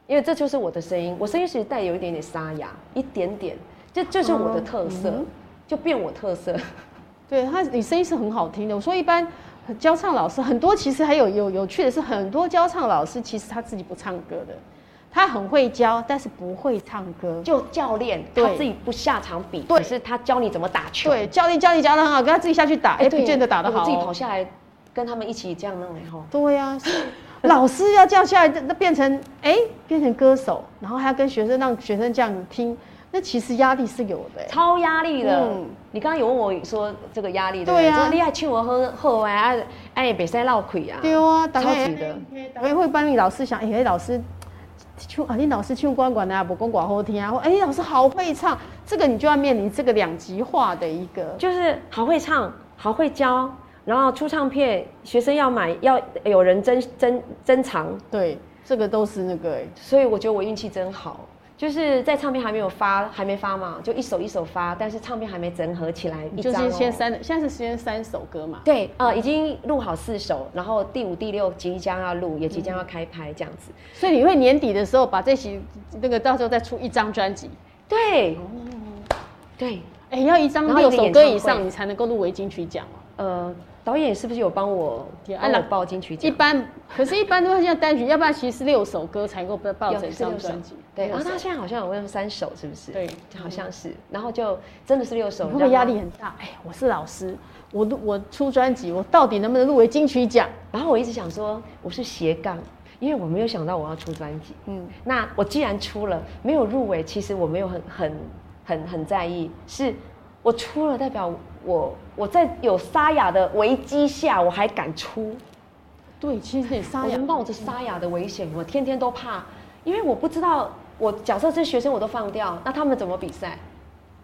因為這就是我的聲音。我聲音其實帶有一點點沙啞，一點點，這就，就是我的特色、啊嗯，就變我特色。對他，你聲音是很好聽的。我說一般。教唱老師很多，其實還有有有趣的是，很多教唱老師其實他自己不唱歌的，他很會教，但是不會唱歌，就教練，他自己不下場比，對，是他教你怎麼打球。對，教練教你教得很好，跟他自己下去打，哎、欸，不見得打得好、喔。自己跑下來跟他們一起這樣弄也好。對呀、啊， <laughs> 老師要這樣下來，那變成哎、欸、變成歌手，然後還要跟學生，讓學生這樣聽。那其實壓力是有的、欸，超壓力的、嗯。你剛剛有問我說這個壓力對不對？對啊，啊，你還請我喝喝哎哎比賽鬧鬼啊，對啊，超級的、欸。哎、欸，會幫你老師想，哎老師唱啊，你老師去唱關關啊，不關關好聽啊，哎、欸、老師好會唱，這個你就要面臨這個兩極化的一個，就是好會唱，好會教，然後出唱片，學生要買，要有人珍珍珍藏。對，這個都是那個、欸，所以我覺得我運氣真好。就是在唱片還沒有發，還沒發嘛，就一首一首發，但是唱片還沒整合起來，一張哦、就是先三，現在是先三首歌嘛。對啊、呃嗯，已經錄好四首，然後第五、第六即將要錄，也即將要開拍這樣子、嗯。所以你會年底的時候把這期那個到時候再出一張專輯。對，哦嗯、對，哎、欸，要一張六首歌以上你歌，你才能夠入圍金曲獎呃，導演是不是有幫我按老報金曲獎？一般, <laughs> 一般，可是一般都會像單曲， <laughs> 要不然其實六首歌才能夠被報成一張專輯。然後、啊、他現在好像有分三首，是不是？對，好像是。然後就真的是六首、嗯。然後壓力很大，哎、欸，我是老師，我我出專輯，我到底能不能入圍金曲獎、嗯？然後我一直想說，我是斜槓，因為我沒有想到我要出專輯。嗯，那我既然出了，沒有入圍，其實我沒有很很很很在意。是，我出了代表我我在有沙啞的危機下，我還敢出。對，其實可以沙啞，雅我冒着沙啞的危險、嗯，我天天都怕，因為我不知道。我假設這學生我都放掉，那他們怎麼比賽？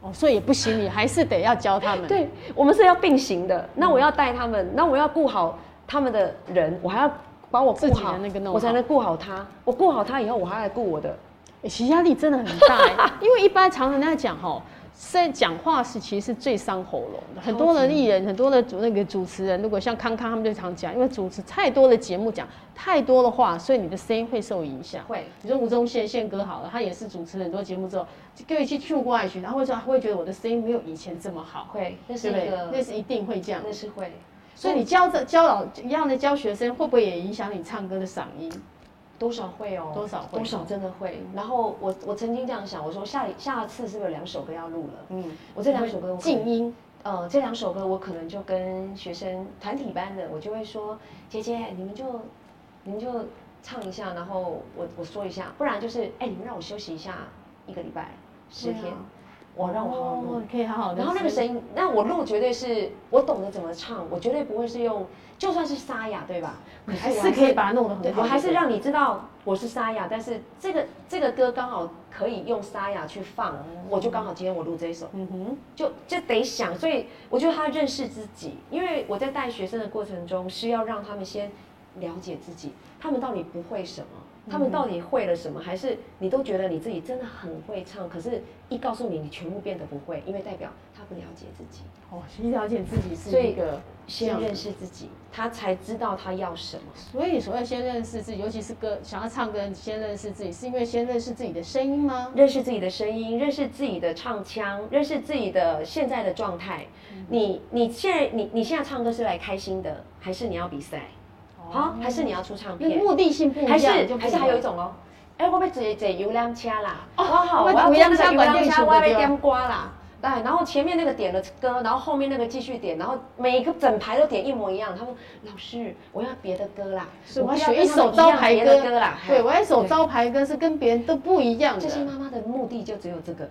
哦，所以也不行，你還是得要教他們。 <laughs> 對，我們是要並行的，那我要帶他們、嗯，那我要顧好他們的人，我還要把我顧好，好，我才能顧好他。我顧好他以後，我還來顧我的。欸、其實壓力真的很大、欸， <laughs> 因為一般常常在講吼。在講話是其實是最傷喉嚨的，很多的藝人，很多的主那個主持人，如果像康康他們就常講，因為主持太多的節目講，講太多的話，所以你的聲音會受影響。會，你說吳宗憲憲哥好了，他也是主持很多節目之後，就有一期《中過愛曲》，他會說，他會覺得我的聲音沒有以前這麼好。會，那是那個、對對，那是一定會這樣。那是會，所以你教這教老一樣的教學生，會不會也影響你唱歌的嗓音？多少會哦，多少會，啊，多少真的會。嗯、然後我我曾經這樣想，我說下下次是不是有兩首歌要錄了？嗯，我這兩首歌靜音，呃，這兩首歌我可能就跟學生團體班的，我就會說，姐姐你們就，你們就唱一下，然後我我說一下，不然就是，哎，你們讓我休息一下一個禮拜十天，啊、我讓我好好錄，可以好好錄然後那個聲音，好好錄，那我錄絕對是，我懂得怎麼唱，我絕對不會是用。就算是沙啞，對吧？還是可以把它弄得很好。我還是讓你知道我是沙啞，但是這個這個歌剛好可以用沙啞去放。嗯、我就剛好今天我錄這一首，嗯哼，就就得想。所以我覺得他認識自己，因為我在帶學生的過程中是要讓他們先了解自己，他們到底不會什麼，他們到底會了什麼，還是你都覺得你自己真的很會唱，可是一告訴你，你全部變得不會，因為代表，不了解自己哦，先了解自己是一、那個先認識自己，他才知道他要什麼。所以，所謂先認識自己，尤其是歌想要唱歌，先認識自己，是因為先認識自己的聲音嗎？認識自己的聲音，認識自己的唱腔，認識自己的現在的狀態、嗯。你你現在你你現在唱歌是來開心的，還是你要比賽？好、哦啊，還是你要出唱片？目的性不一樣，還是還是還有一種哦。哎、欸，我不要坐坐遊覽車啦。哦,哦好，我不要坐遊覽車，我要點瓜啦。哦我要哎，然後前面那個點了歌，然後後面那個繼續點，然後每一個整排都點一模一樣。他說：“老師，我要別的歌啦，我要學一首招牌歌、歌啦，對，我要一首招牌歌是跟別人都不一樣的。”這些媽媽的目的就只有這個，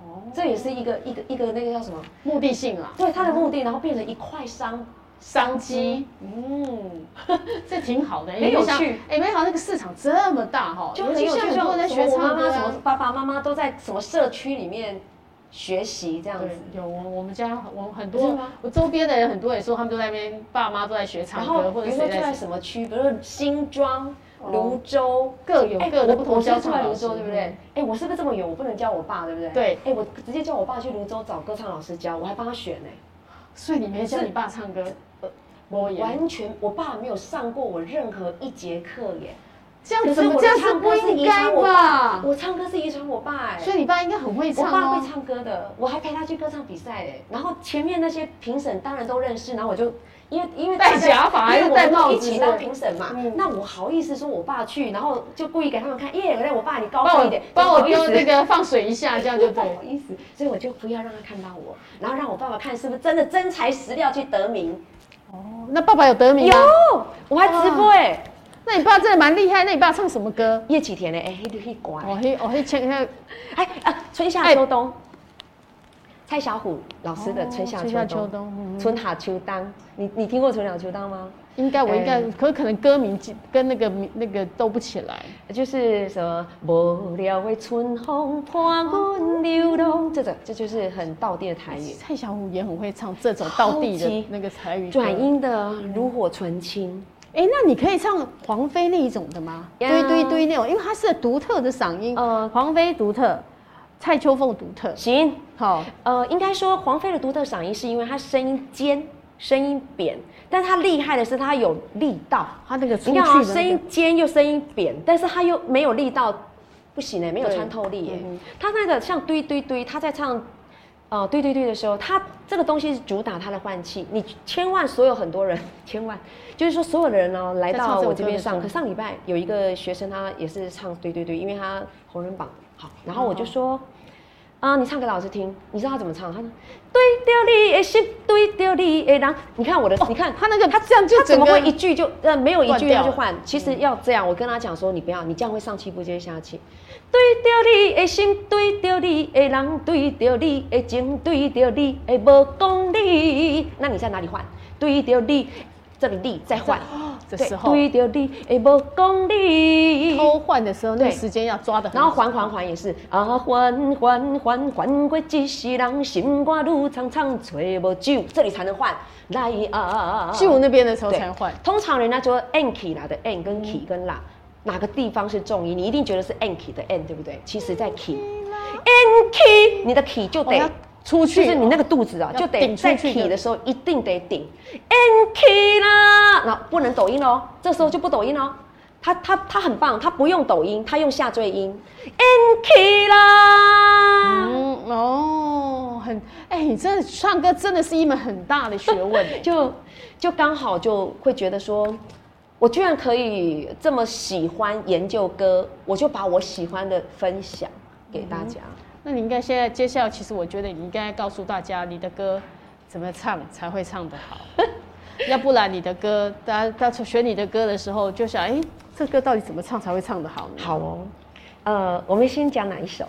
哦、這也是一個一個一個那個叫什麼目的性啦。對，他的目的，然後變成一塊商商機，嗯、嗯呵呵，這挺好的，很有趣。哎，沒想到那個市場這麼大哈，就很有趣像像、啊、我媽媽什麼爸爸媽媽都在什麼社區裡面。學習這樣子對，有我我們家，我們很多，我周邊的人很多也說他們都在那邊，爸媽都在學唱歌，或者說住在，在什麼區，比如說新莊、瀘、哦、州各有各的不同。教唱老師、欸、州對不對？哎、欸，我是不是這麼遠？我不能教我爸，對不對？對，哎、欸，我直接叫我爸去瀘州找歌唱老師教，我還幫他選呢。所以你沒教你爸唱歌，呃完，完全，我爸沒有上過我任何一節課耶。這樣子，我這樣？是不應該吧？我唱歌是遺傳我爸、欸，所以你爸應該很會唱、啊、我爸會唱歌的，我還陪他去歌唱比賽、欸，然後前面那些評審當然都認識，然後我就因為因為戴假髮還是戴帽子，一起當評審嘛、嗯嗯。那我好意思說我爸去，然後就故意給他們看耶，yeah, 我爸你高高一點，幫我丟那個放水一下，欸、這樣就對。不好意思，所以我就不要讓他看到我，然後讓我爸爸看是不是真的真材實料去得名。哦，那爸爸有得名嗎？有，我還直播哎。啊那你爸真的蠻厲害。那你爸唱什麼歌？葉啟田的。欸那那哦哦、 <laughs> 哎，他都他乖。我嘿，我嘿唱那個，哎啊，春夏秋冬。哎、蔡小虎老師的春夏秋冬。哦、春夏秋冬、嗯，春夏秋冬。你你聽過春夏秋冬嗎？應該我應該、嗯，可是，可能歌名跟那個那個都不起來。就是什麼，嗯、無聊會春風破我流動這種這就是很道地的台語。蔡小虎也很會唱這種道地的那個台語，轉音的爐火純青。嗯哎、欸，那你可以唱黃妃那一種的嗎？Yeah, 追追追那種，因為它是獨特的嗓音。呃，黃妃獨特，蔡秋鳳獨特。行，好。呃，應該說黃妃的獨特嗓音是因為她聲音尖，聲音扁，但她厲害的是她有力道。她那個去、那個、你看啊，聲音尖又聲音扁，但是她又沒有力道，不行嘞、欸，沒有穿透力耶、欸。對嗯、它那個像追追追，她在唱。哦，對對對，的時候，他這個東西是主打他的換氣，你千萬所有很多人千萬，就是說所有的人哦，來到我這邊上課。上禮拜有一個學生，他也是唱對對對，因為他紅人榜好，然後我就說，啊、嗯哦呃，你唱給老師聽，你知道他怎麼唱？他說，對對對哎是，對對對哎，然後你看我的，哦、你看、哦、他那個，他這樣就怎麼樣，他怎麼會一句就呃沒有一句要去換？其實要這樣，我跟他講說，你不要，你這樣會上氣不接下氣。對着你的心，對着你的人，對着你的情，對着你，誒，無講理。那你在哪裡換？對着你，這裡，你再換，喔喔。這時候對着你，誒，無講理。偷換的時候，嗯、那個、時間要抓的。然後換換換也是啊，換換換換過幾時人，心肝路長長吹不就，這裡才能換來啊。去、啊、那邊的時候才能換。通常人家就 n k 啦的 n 跟 k 跟啦。哪個地方是重音？你一定覺得是 ank 的 n 對不對？其實在 k，ank，你的 k 就得，oh, 要出去，哦，就是你那個肚子啊，出就得在 k 的時候一定得頂 a n k 啦。a 不能抖音哦，這時候就不抖音哦。他他他很棒，他不用抖音，他用下墜音 a n k 啦。嗯，哦，很，哎，欸，你真的唱歌真的是一門很大的學問。 <laughs> 就，就就剛好就會覺得說。我居然可以這麼喜歡研究歌，我就把我喜歡的分享給大家。嗯、那你應該現在接下來，其實我覺得你應該告訴大家你的歌怎麼唱才會唱得好， <laughs> 要不然你的歌，大家，大家選你的歌的時候就想，哎、欸，這歌到底怎麼唱才會唱得好呢？好哦，呃，我們先講哪一首？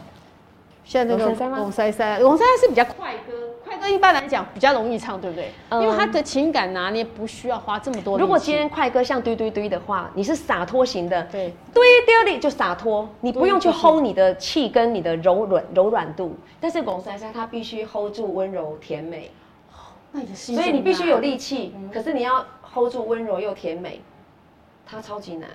現在這個紅、嗯嗯嗯、塞塞，紅、嗯、塞塞是比較快歌，快歌一般來講比較容易唱，對不對？嗯、因為他的情感拿、啊、捏不需要花這麼多。如果今天快歌像《堆堆堆》的話，你是灑脫型的。對。堆堆堆就灑脫，你不用去 hold 你的氣跟你的柔軟柔軟度。但是《紅、嗯、塞塞》它必須 hold 住溫柔甜美。哦。所以你必須有力氣、嗯，可是你要 hold 住溫柔又甜美，它超級難。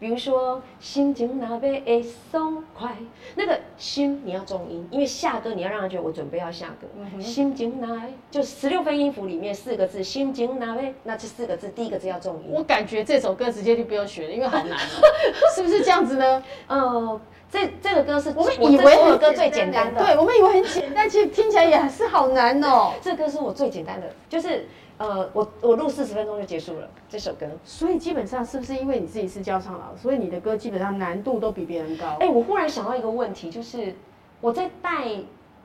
比如說，心情哪會會鬆快？那個心你要重音，因為下歌你要讓他覺得我準備要下歌。心情哪？就十六分音符裡面四個字，心情哪？那這四個字第一個字要重音。我感覺這首歌直接就不用學了，因為好難， <laughs> 是不是這樣子呢？哦，這這個歌是我們以為所有歌最簡單的，對我們以為很簡單，但其實聽起來也還是好難哦。這歌是我最簡單的，就是。呃，我我錄四十分鐘就結束了這首歌，所以基本上，是不是因為你自己是教唱老師，所以你的歌基本上難度都比別人高？欸，我忽然想到一個問題，就是我在帶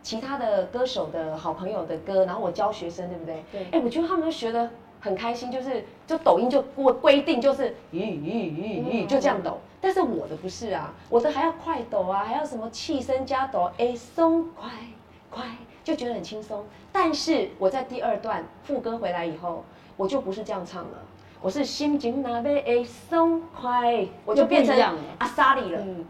其他的歌手的好朋友的歌，然後我教學生，對不對？對。欸，我覺得他們都學得很開心，就是就抖音就規規定就是咦咦咦咦，就這樣抖。但是我的不是啊，我的還要快抖啊，還要什麼氣聲加抖，欸，鬆快快。就覺得很輕鬆，但是我在第二段副歌回來以後，我就不是這樣唱了，我是心情那被愛鬆開，我就變成阿薩里了。嗯，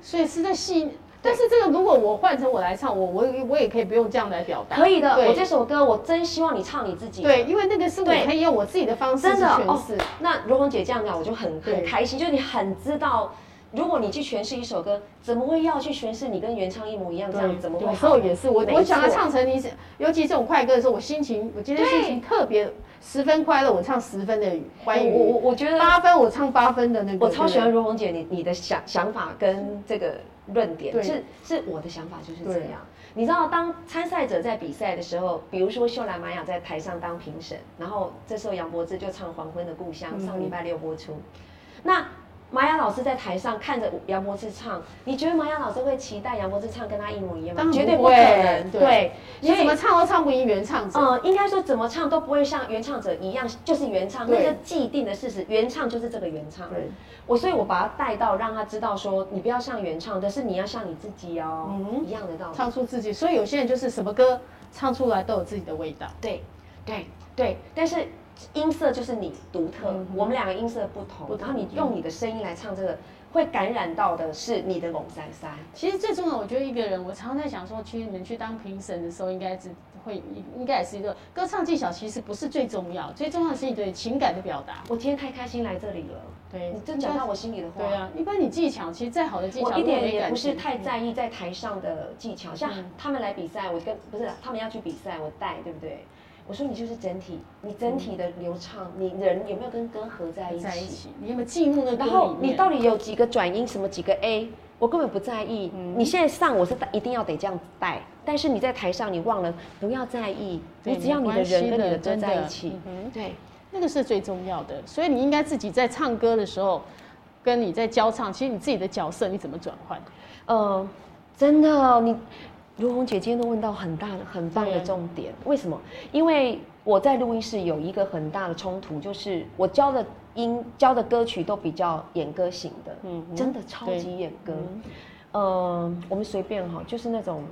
所以是在戲。但是這個如果我換成我來唱，我我我也可以不用這樣來表達。可以的，我這首歌我真希望你唱你自己。對，因為那個是我可以用我自己的方式。真的哦，那容虹姐這樣講，啊，我就很很開心，就是你很知道。如果你去詮釋一首歌，怎麼會要去詮釋你跟原唱一模一樣？這樣怎麼會好？有時候也是我，我想要唱成你，尤其這種快歌的時候，我心情，我今天心情特別十分快樂，我唱十分的歡、欸。我我我覺得八分，我唱八分的那個。我超喜歡如紅姐，你你的想想法跟這個論點是對是，是我的想法，就是這樣。你知道，當參賽者在比賽的時候，比如說秀蘭瑪雅在台上當評審，然後這時候楊博志就唱《黃昏的故鄉》，嗯嗯，上禮拜六播出，那。瑪雅老師在台上看着楊博士唱，你覺得瑪雅老師會期待楊博士唱跟他一模一樣嗎？當然不會，絕對不可能。對，你怎麼唱都唱不贏原唱者。嗯、應該說怎麼唱都不會像原唱者一樣，就是原唱那個既定的事實，原唱就是這個原唱。我、嗯、所以，我把他帶到，讓他知道說，你不要像原唱，但是你要像你自己哦，嗯、一樣的道理。唱出自己，所以有些人就是什麼歌唱出來都有自己的味道。對，對，對，但是。音色就是你獨特、嗯，我們兩個音色不同，然後你用你的聲音來唱這個，會感染到的是你的龍山山。其實最重要我覺得一個人，我常常在想說，其實你們去當評審的時候，應該是會，應該也是一個歌唱技巧，其實不是最重要，最重要的是你對情感的表達。我今天太開心來這裡了，對你真講到我心裡的話。對啊，一般你技巧其實再好的技巧，我一點也不是太在意在台上的技巧，嗯、像他們來比賽，我跟不是他們要去比賽，我帶，對不對？我說你就是整體，你整體的流暢，你人有沒有跟歌合在一起？一起你有沒有記錄呢？然後你到底有幾個轉音？什麼幾個 A？我根本不在意。嗯。你現在上我是一定要得這樣帶，但是你在台上你忘了，不要在意。你只要你的人的跟你的歌在一起。嗯嗯，對，那個是最重要的。所以你應該自己在唱歌的時候，跟你在交唱，其實你自己的角色你怎麼轉換？嗯、呃，真的你。如紅姐今天都問到很大的很棒的重點，啊，為什麼？因為我在錄音室有一個很大的衝突，就是我教的音教的歌曲都比較演歌型的，嗯，真的超級演歌。嗯、呃，我們隨便哈，就是那種，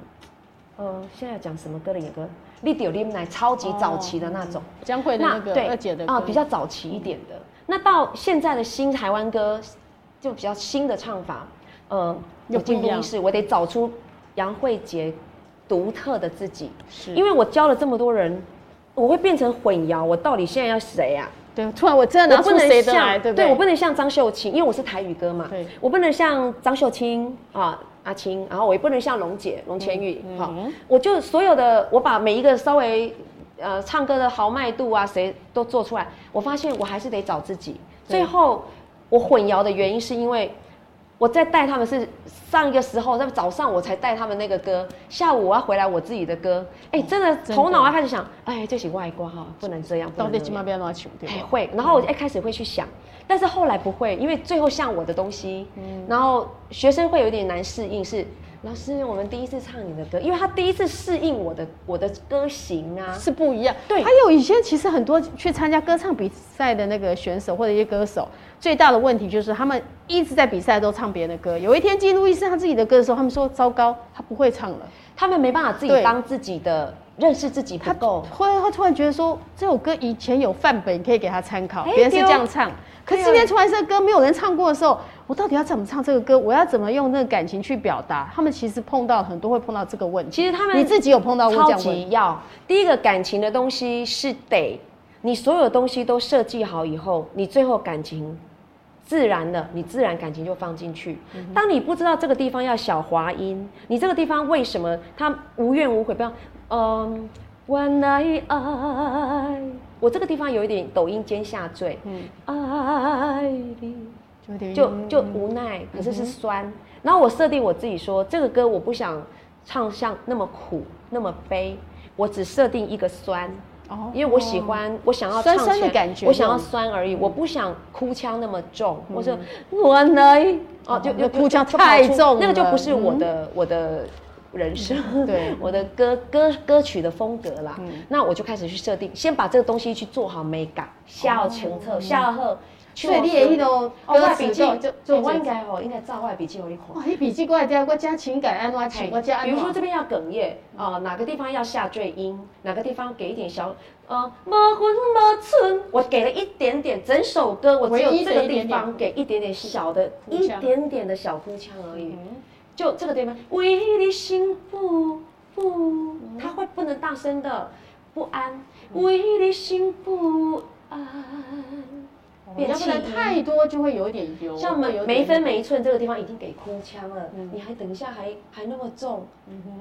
呃、現在講什麼歌的演歌？《Lily and Me》超級早期的那種，哦，嗯、江蕙的那個二姐的歌啊，呃，比較早期一點的。嗯、那到現在的新台灣歌，就比較新的唱法，嗯、呃，我進錄音室，我得找出。楊惠絜，獨特的自己，是因為我教了這麼多人，我會變成混淆，我到底現在要誰啊？對，突然我真的拿誰來，我不能像誰來對不對？對，我不能像張秀卿，因為我是台語歌嘛，對，我不能像張秀卿啊，阿清，然後我也不能像龍姐龍千玉，嗯、好、嗯，我就所有的我把每一個稍微呃唱歌的豪邁度啊，誰都做出來，我發現我還是得找自己。最後我混淆的原因是因為。我在帶他們是上一個時候在早上，我才帶他們那個歌，下午我要回來我自己的歌，哎、欸，真的，真的頭腦啊開始想，哎，這是外國哈，不能這樣，到底今晚不能這樣要亂想不對吧、欸？會，然後我就一開始會去想，但是後來不會，因為最後像我的東西，嗯、然後學生會有點難適應是。老師，我們第一次唱你的歌，因為他第一次適應我的我的歌型啊，是不一樣。對，還有以前其實很多去參加歌唱比賽的那個選手或者一些歌手，最大的問題就是他們一直在比賽都唱別人的歌。有一天記錄一下他自己的歌的時候，他們說糟糕，他不會唱了，他們沒辦法自己當自己的，認識自己不夠，會會突然覺得說這首歌以前有範本可以給他參考，別、欸、人是這樣唱，可是今天出來的歌沒有人唱過的時候。欸我到底要怎麼唱這個歌？我要怎麼用那個感情去表達？他們其實碰到很多會碰到這個問題。其實他們你自己有碰到？超級要第一個感情的東西是得，你所有東西都設計好以後，你最後感情自然了，你自然感情就放進去、嗯。當你不知道這個地方要小滑音，你這個地方為什麼它無怨無悔？不要、um,，嗯，When I 愛 I... 我這個地方有一點抖音尖下墜，嗯，愛你就就無奈，可是是酸。嗯、然後我設定我自己說，這個歌我不想唱像那麼苦那麼悲，我只設定一個酸。哦，因為我喜歡，哦、我想要唱酸酸的感覺，我想要酸而已，嗯、我不想哭腔那麼重。嗯、我說、嗯、我奈哦，哦，就就哭腔太重，那個就不是我的、嗯、我的人生，對，我的歌歌歌曲的風格啦。嗯、那我就開始去設定，先把這個東西去做好美感，笑情。側、哦、笑後。嗯所以你也迄種歌詞、哦哦、就、欸、就我應該吼，應該找我筆記給你看。哇、哦，你筆記過來，我加情感按怎加？比如說這邊要哽咽，啊、呃，哪個地方要下墜音？哪個地方給一點小？呃，嗯、我給了一點點。整首歌我只有這個地方給一點點小的，一,的一,點點小的一點點的小哭腔而已、嗯。就這個地方，為你心不不，他、嗯、會不能大聲的不安、嗯，為你心不安。要不然太多就會有點油，像每一分每一寸這個地方已經給哭腔了、嗯，你還等一下還還那麼重，嗯、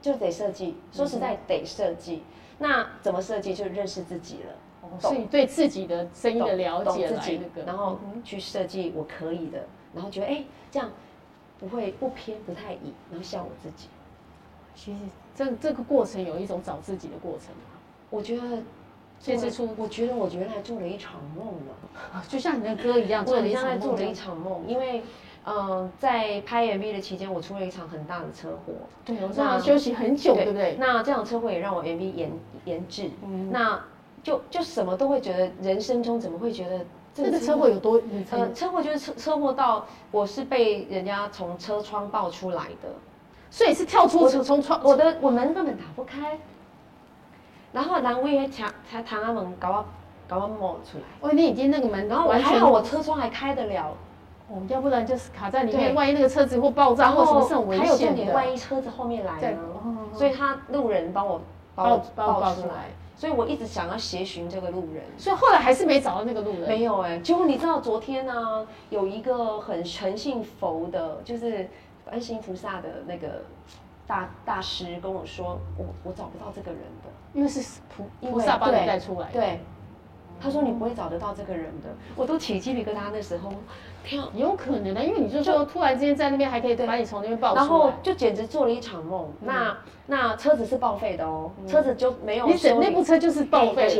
就得設計、嗯，說實在得設計、嗯，那怎麼設計就認識自己了、哦，是你對自己的聲音的了解來，自己然後去設計我可以的，嗯、然後覺得哎這樣不會不偏不太倚，然後像我自己，其實這這個過程有一種找自己的過程，我覺得。最初，我覺得，我覺得原來做了一場夢了、啊、就像你的歌一樣，做了一場夢。因為，嗯、呃，在拍 MV 的期間，我出了一場很大的車禍。對，那我休息很久，對不對，對？那這場車禍也讓我 MV 延延滯。嗯，那就就什麼都會覺得，人生中怎麼會覺得？這、那、的、個、車禍有多？嗯、欸、呃、車禍就是車車禍到我是被人家從車窗抱出來的，所以是跳出從從窗，我的我門根本打不開。然後，南威的牆在彈了門搞我搞我冒出來。哦，你已經那個門，我還好，我車窗還開得了。哦，要不然就是卡在裡面，萬一那個車子會爆炸或什麼是很危險的。萬一車子後面來呢？哦、所以他路人幫我把我抱出，出來，所以我一直想要協尋這個路人。所以後來還是沒找到那個路人。嗯、沒有哎、欸，結果你知道昨天呢、啊，有一個很誠信佛的，就是觀音菩薩的那個。大大師跟我說，我我找不到這個人的，因為是菩菩薩幫你帶出來對，對、嗯，他說你不會找得到這個人的，我都起雞皮疙瘩那時候。天，有可能呢、啊？因為你就說就突然之間在那邊還可以對，把你從那邊抱出來，然後就簡直做了一場夢、嗯。那那車子是報廢的哦、嗯，車子就沒有，你整那部車就是報廢，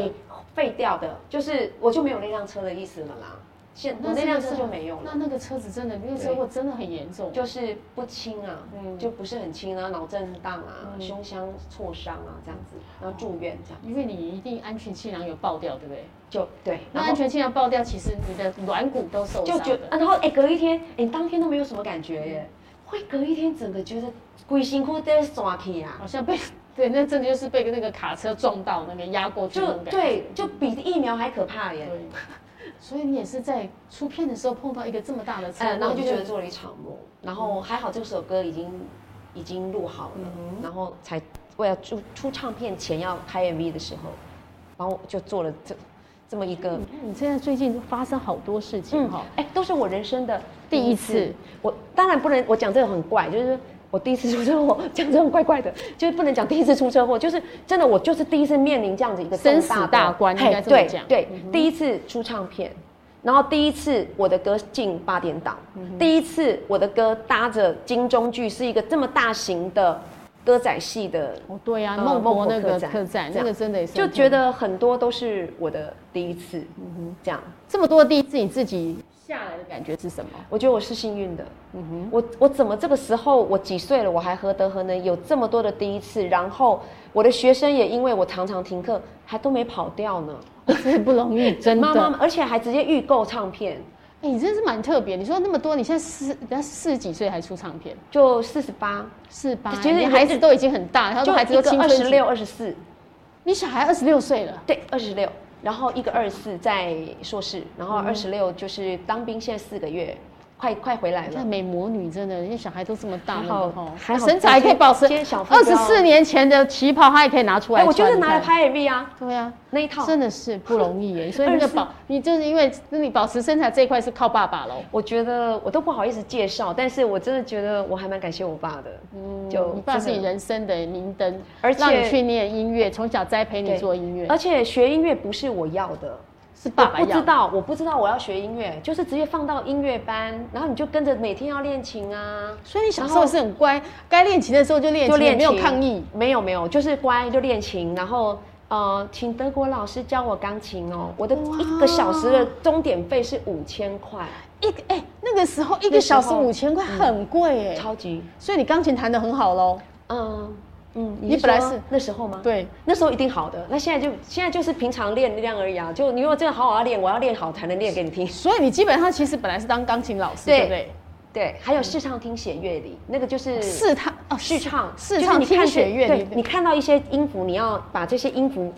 廢、欸、掉的，就是我就沒有那輛車的意思了啦。我那輛車就沒用了。那那個車子真的，那個車禍真的很嚴重，就是不輕啊、嗯，就不是很輕啊，腦震盪啊，嗯、胸腔挫傷啊這樣子，然後住院這樣。因為你一定安全氣囊有爆掉，對不對？就對然後。那安全氣囊爆掉，其實你的軟骨都受傷得、啊，然後哎、欸，隔一天，哎、欸，你當天都沒有什麼感覺耶，會、嗯、隔一天整個覺得鬼辛苦得耍去啊，好像被對，那真的就是被那個卡車撞到，那個壓過去就那對，就比疫苗還可怕耶。所以你也是在出片的時候碰到一個這麼大的，哎、嗯，然後就覺得做了一場夢。然後還好這首歌已經已經錄好了、嗯，然後才為了出出唱片前要拍 MV 的時候，然後就做了這這麼一個。你看你現在最近都發生好多事情哈，哎、嗯欸，都是我人生的第一次。一次我當然不能，我講這個很怪，就是。我第一次出車禍，講這種怪怪的，就是不能講第一次出車禍，就是真的，我就是第一次面臨這樣子一個的生死大關，應該這麼講。對對對、嗯，第一次出唱片，然後第一次我的歌進八點檔、嗯，第一次我的歌搭着金鐘劇，是一個這麼大型的歌仔戲的。哦、對呀、啊，夢、呃、夢那個歌仔，客棧、真的真的。就覺得很多都是我的第一次，嗯哼，這樣這麼多的第一次，你自己。下來的感覺是什麼？我覺得我是幸運的。嗯哼，我我怎麼這個時候我幾歲了，我還何德何能有這麼多的第一次？然後我的學生也因為我常常停課，還都沒跑掉呢，真是不容易，真的。媽媽，媽而且還直接預購唱片，哎、欸，你真的是蠻特別。你說那麼多，你現在四人家四十幾歲還出唱片，就四十八、四八，其實你孩子都已經很大了，他就孩子都二十六、二十四，你小孩二十六歲了，對，二十六。然後一個二十四在碩士，然後二十六就是當兵，現在四個月。快快回來了！現在美魔女真的，人家小孩都這麼大了，那個，還，還身材還可以保持。二十四年前的旗袍，他也可以拿出來，欸。我覺得拿來拍 MV 啊。對啊，那一套真的是不容易耶。所以那個保，24，你就是因為那你保持身材這一塊是靠爸爸咯。我覺得我都不好意思介紹，但是我真的覺得我還蠻感謝我爸的。嗯，就你爸是你人生的明燈，而且你讓你去念音樂，從小栽培你做音樂，而且學音樂不是我要的。是爸不知道，我不知道我要學音樂，就是直接放到音樂班，然後你就跟着每天要練琴啊。所以你小時候是很乖，該練琴的時候就練，就練琴，沒有抗議，沒有沒有，就是乖就練琴。然後呃，請德國老師教我鋼琴哦、喔，我的一個小時的鐘點費是五千塊。一個哎、欸，那個時候一個小時五千塊很貴哎、嗯，超級。所以你鋼琴彈得很好嘍。嗯、呃。嗯，你，你本來是那時候嗎？對，那時候一定好的。那現在就現在就是平常練量而已啊。就你如果真的好好要練，我要練好才能練給你聽。所以你基本上其實本來是當鋼琴老師，對不對？對，嗯、還有視唱聽寫樂理，那個就是視唱哦，視唱視唱、就是、聽寫樂理，你看到一些音符，你要把這些音符。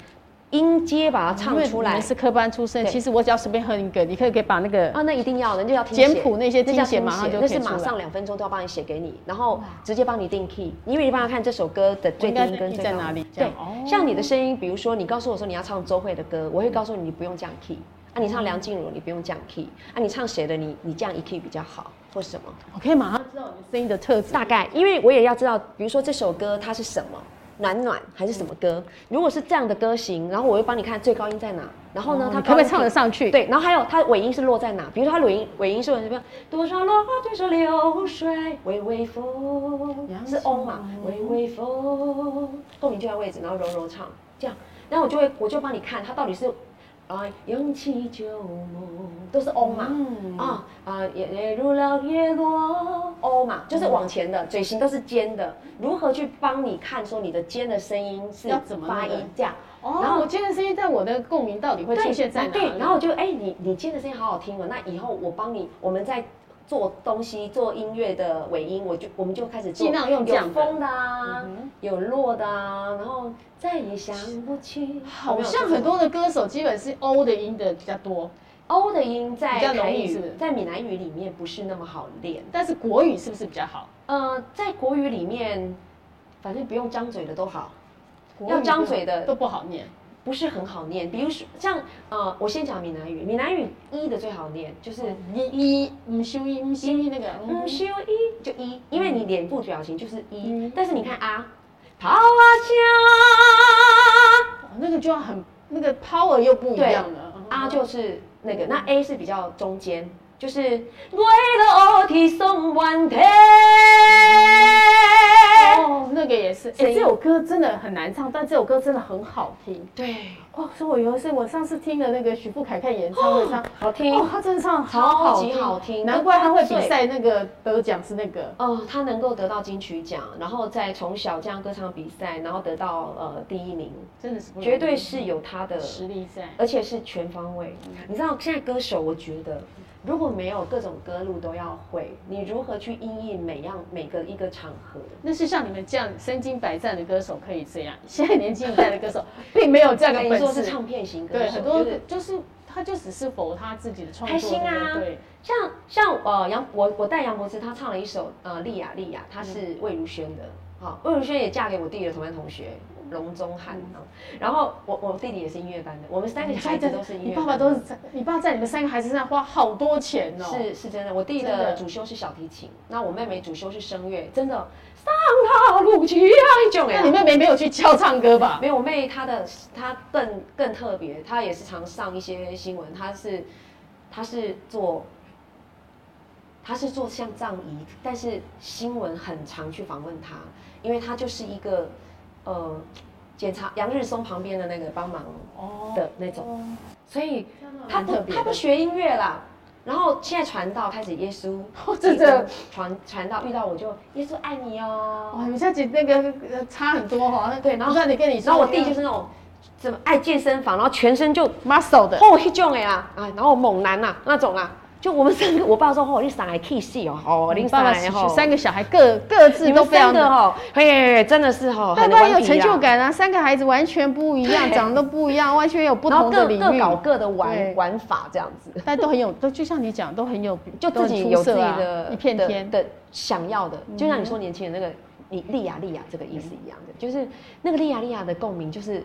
音階把它唱出來。因為你們是科班出身，其實我只要隨便哼一個，你可以可以把那個啊，那一定要的，那就要簡譜那些聽寫馬上就可以，那是馬上兩分鐘都要幫你寫給你，然後直接幫你定 key、嗯。因為你幫他看這首歌的最低音跟最高音在哪裡。對、哦，像你的聲音，比如說你告訴我說你要唱周蕙的歌，我會告訴你你不用降 key、哦。啊，你唱梁靜茹，你不用降 key。啊，你唱誰的你，你你降一 key 比較好，或是什麼？我可以馬上知道你聲音的特質，大概，因為我也要知道，比如說這首歌它是什麼。暖暖還是什麼歌、嗯？如果是這樣的歌型，然後我會幫你看最高音在哪。然後呢，他、哦、可不可以唱得上去？對，然後還有他尾音是落在哪？比如說他尾音尾音是什麼，比如多少落花對着流水，微微風是 O 嘛、嗯？微微風共鳴就在位置，然後柔柔唱，這樣，然後我就會我就幫你看他到底是。啊，勇氣舊夢，都是歐嘛，啊啊，夜入了葉落，哦嘛，就是往前的，嘴型都是尖的，如何去幫你看，說你的尖的聲音是要怎麼發音這樣？哦，然後我尖的聲音，在我的共鳴到底會出現在哪裡？對，然後就哎，你你尖的聲音好好聽哦。那以後我幫你，我們再。做東西做音樂的尾音，我就我們就開始盡量用降的，有風的，啊 okay. 有弱的，啊，然後再也想不起。好像很多的歌手基本是歐的音的比較多。歐的音在台語，比較是是在閩南語裡面不是那麼好練，但是國語是不是比較好？呃，在國語裡面，反正不用張嘴的都好，要張嘴的都不好念。不是很好念，比如說像呃，我先講閩南語，閩南語一的最好念，就是一，唔修一，唔修一，那個唔修一，就一、嗯，因為你臉部表情就是一、嗯嗯，但是你看啊，跑啊下，那個就要很那個 power 又不一樣了，啊就是那個，那 A 是比較中間，就是、嗯、為了我哦、oh,，那個也是。哎，這首歌真的很難唱，但這首歌真的很好聽。對，哇！說我有一次，我上次聽了那個許富凱看演唱會上，oh, oh, oh, 好聽。哦，他真的唱超級好聽，難怪他會比賽那個得獎是那個。哦、oh,，他能夠得到金曲獎，然後再從小這樣歌唱比賽，然後得到呃第一名，真的是絕對是有他的實力在，而且是全方位。嗯、你知道現在歌手，我覺得。如果沒有各種歌路都要會，你如何去因應每樣每個一個場合？那是像你們這樣身經百戰的歌手可以這樣。現在年輕一代的歌手 <laughs> 並沒有這樣的本事。可以說是唱片型歌、歌手對，就是，對，很多就是、就是、他就只是否他自己的創作。開心啊！對，像像呃楊我我帶楊博之，他唱了一首呃麗亞麗亞，她是魏如萱的，嗯。好，魏如萱也嫁給我弟弟的同班同學。龍中翰、嗯，然後我我弟弟也是音樂班的，我們三個孩子都是音樂班的。你爸爸都是在你爸在你們三個孩子身上花好多錢哦。是是真的，我弟弟的主修是小提琴，嗯、那我妹妹主修是聲樂，嗯、真的上好路奇那種。那你妹妹沒有去教唱歌吧？沒有，我妹她的她更更特別，她也是常上一些新聞，她是她是做她是做像葬儀，但是新聞很常去訪問她，因為她就是一個。呃、嗯，檢查楊日松旁邊的那個幫忙的那種，哦、所以他不他不，他不學音樂啦。然後現在傳道開始，耶穌，弟弟傳傳道遇到我就、哦、耶穌愛你哦。哇、哦，你現在那個差很多哈、哦。對 <laughs> 然，然後讓你跟你說，然後我弟就是那種，怎麼愛健身房，然後全身就 muscle 的，哦那種的呀，然後猛男吶、啊，那種啊。就我們三個，我爸說話你就上海 Kiss 哦，哦、啊，林上海哈，三個小孩各各自都非常的哈、哦，真的是哈、啊，很有成就感啊，三個孩子完全不一樣，長得不一樣，完全有不同的領域，各各搞各的玩玩法這樣子，但都很有，都就像你講，都很有，就自己有自己的、啊、一片天的，的想要的，就像你說年輕人那個你利亞利亞這個意思一樣的，嗯、就是那個利亞利亞的共鳴就是。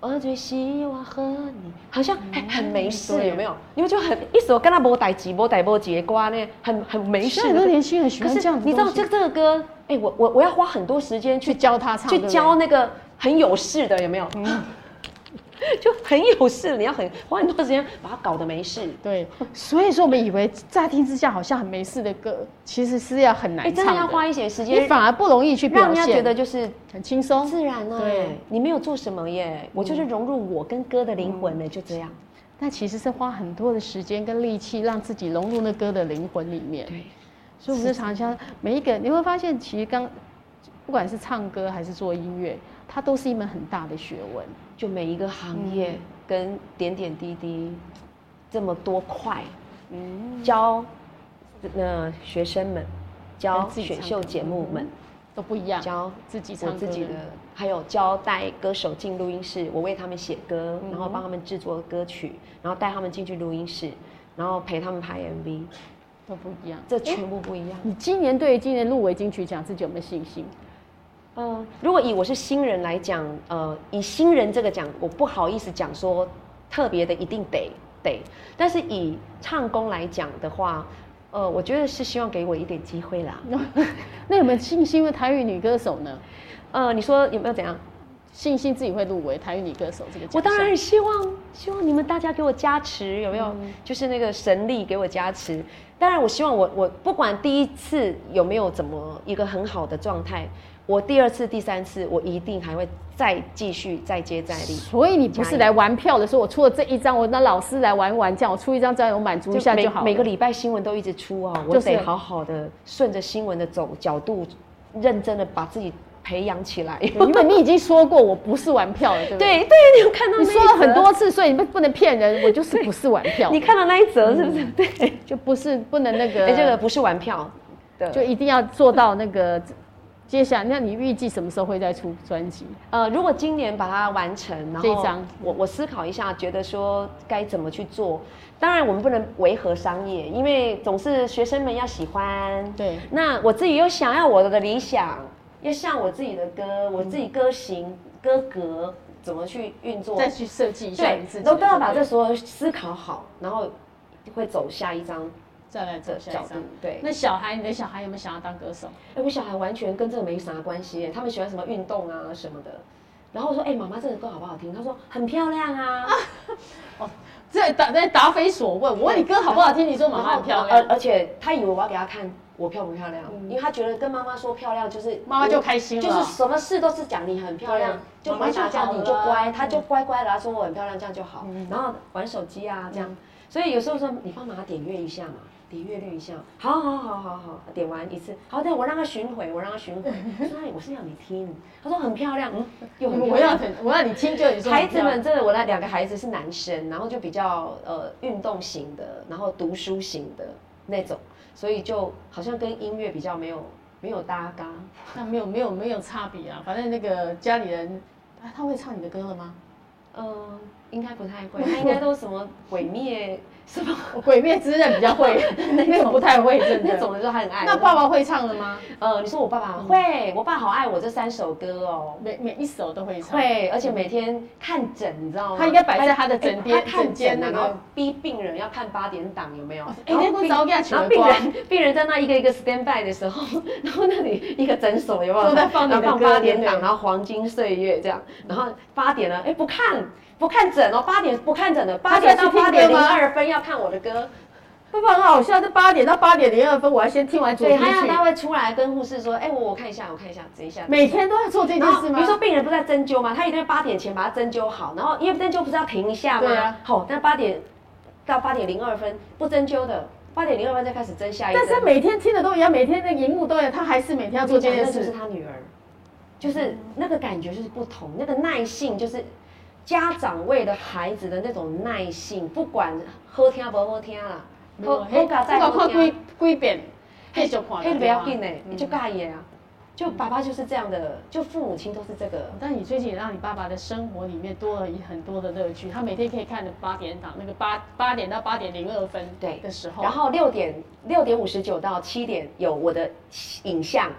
我最希望和你，好像很、嗯欸、很沒事、嗯嗯，有沒有？因為就很、嗯、一首跟他那波帶幾波帶波幾的歌呢，很很沒事。很多年輕人喜歡可是這樣子，你知道這這個歌，哎、欸，我我我要花很多時間去，去教他唱，去教那個對對很有事的，有沒有？嗯就很有事，你要很花很多時間把它搞得沒事。對，所以說我們以為乍聽之下好像很沒事的歌，其實是要很難唱、欸，真的要花一些時間，你反而不容易去表現，讓人家覺得就是很輕鬆自然啊，對，你沒有做什麼耶，嗯、我就是融入我跟歌的靈魂呢，就這樣、嗯嗯。但其實是花很多的時間跟力氣，讓自己融入那歌的靈魂裡面。對，所以我們就常常像每一個，你會發現，其實剛不管是唱歌還是做音樂。它都是一門很大的學問，就每一個行業跟點點滴滴，這麼多塊，嗯，教那學生們，教選秀節目們、嗯、都不一樣，教自己唱自己的，還有教帶歌手進錄音室，我為他們寫歌，然後幫他們制作歌曲，然後帶他們進去錄音室，然後陪他們拍 MV，都不一樣，這全部不一樣。欸、你今年對於今年入圍金曲獎自己有沒有信心？呃、如果以我是新人來講，呃，以新人這個講，我不好意思講說特別的一定得得，但是以唱功來講的話，呃，我覺得是希望給我一點機會啦那。那有沒有信心？因為台語女歌手呢？呃，你說有沒有怎樣信心自己會入圍台語女歌手這個？我當然希望，希望你們大家給我加持，有沒有？嗯、就是那個神力給我加持。當然，我希望我我不管第一次有沒有怎麼一個很好的狀態。我第二次、第三次，我一定還會再繼續、再接再厲。所以你不是來玩票的，時候，我出了這一張，我那老師來玩玩這樣，我出一張這樣，我滿足一下就好就每。每個禮拜新聞都一直出啊、喔，我得好好的順着、就是、新聞的走角度，認真的把自己培養起來。因為你已經說過我不是玩票了，對不對？對，對你有看到那一則，你說了很多次，所以你不能騙人，我就是不是玩票。你看到那一則是不是？嗯、對，就不是不能那個。哎、欸，這個不是玩票對，就一定要做到那個。接下來，那你預計什麼時候會再出專輯？呃，如果今年把它完成，然後這一張，我我思考一下，覺得說該怎麼去做。當然，我們不能違和商業，因為總是學生們要喜歡。對。那我自己又想要我的理想，又像我自己的歌，嗯，我自己歌型、歌格怎麼去運作？再去設計一下。對。都都要把這所有思考好，然後會走下一張。站在這角度對，對，那小孩你的小孩有沒有想要當歌手？哎、欸，我小孩完全跟這個沒啥關係、欸，他們喜歡什麼運動啊什麼的。然後我說，哎、欸，媽媽這個歌好不好聽？他說很漂亮啊。啊哦，在答在答非所問。我問你歌好不好聽，你說媽媽很漂亮、嗯呃。而且他以為我要給他看我漂不漂亮，嗯、因為他覺得跟媽媽說漂亮就是媽媽就開心了，就是什麼事都是講你很漂亮，就媽，媽，媽，媽就講你就乖，他、嗯、就乖乖的說我很漂亮這樣就好、嗯。然後玩手機啊這樣、嗯，所以有時候說你幫媽媽點閱一下嘛。點樂律一下，好，好，好，好，好，點完一次，好的，我讓他巡迴，我讓他巡迴，我 <laughs> 說他，我是要你聽，他說很漂亮，嗯，有沒有我要，我要你聽，就你說，孩子們真的，我那兩個孩子是男生，然後就比較呃運動型的，然後讀書型的那種，所以就好像跟音樂比較沒有沒有搭嘎。 <laughs> 但沒有沒有沒有差別啊，反正那個家裡人，啊，他會唱你的歌了嗎？嗯、呃。應該不太會，他應該都什麼鬼滅，什麼,什麼鬼滅之刃比較會， <laughs> 那,種 <laughs> 那種不太會真的。那種的時候很愛。那爸爸會唱的嗎？呃，你說我爸爸會、嗯，我爸好愛我這三首歌哦，每每一首都會唱。對而且每天看診，你知道嗎？他應該擺在他的枕邊，欸、整他看診，然後逼病人要看八點檔有沒有、喔然欸那個早要起？然後病人病人在那一個一個 stand by 的時候，然後那裡一個診所有沒有都在放？然後放八點檔，然後黃金歲月這樣、嗯，然後八點了，哎、欸、不看。不看診哦、喔，八點不看診的，八點到八點零二分要看我的歌，不,不很好笑？這八點到八點零二分，我還先聽完主題曲。對，要他會出來跟護士說：“哎、欸，我我看一下，我看一下，等一下。一下”每天都在做這件事嗎？比如說病人不是在針灸嗎？他一定要八點前把他針灸好，然後因為針灸不是要停一下嗎？啊、好，那八點到八點零二分不針灸的，八點零二分再開始針下一。但是他每天聽的都一樣，每天的熒幕都一樣，他還是每天要做這件事。那就是他女兒，就是那個感覺就是不同，那個耐性就是。家長為了孩子的那種耐性，不管好聽不好聽了，我我家再喝幾幾遍，還是不要緊呢，你就尬演啊。就爸爸就是這樣的，嗯、就父母親都是這個、嗯。但你最近也讓你爸爸的生活裡面多了很多的樂趣，他每天可以看八點檔那個八八點到八點零二分對的時候，然後六點六點五十九到七點有我的影像，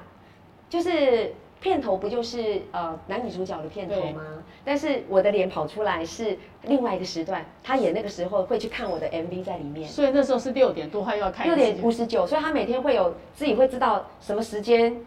就是。片頭不就是呃男女主角的片頭嗎？但是我的臉跑出來是另外一個時段，他演那個時候會去看我的 MV 在裡面。所以那時候是六點多，他又要看。六點五十九，所以他每天會有自己會知道什麼時間，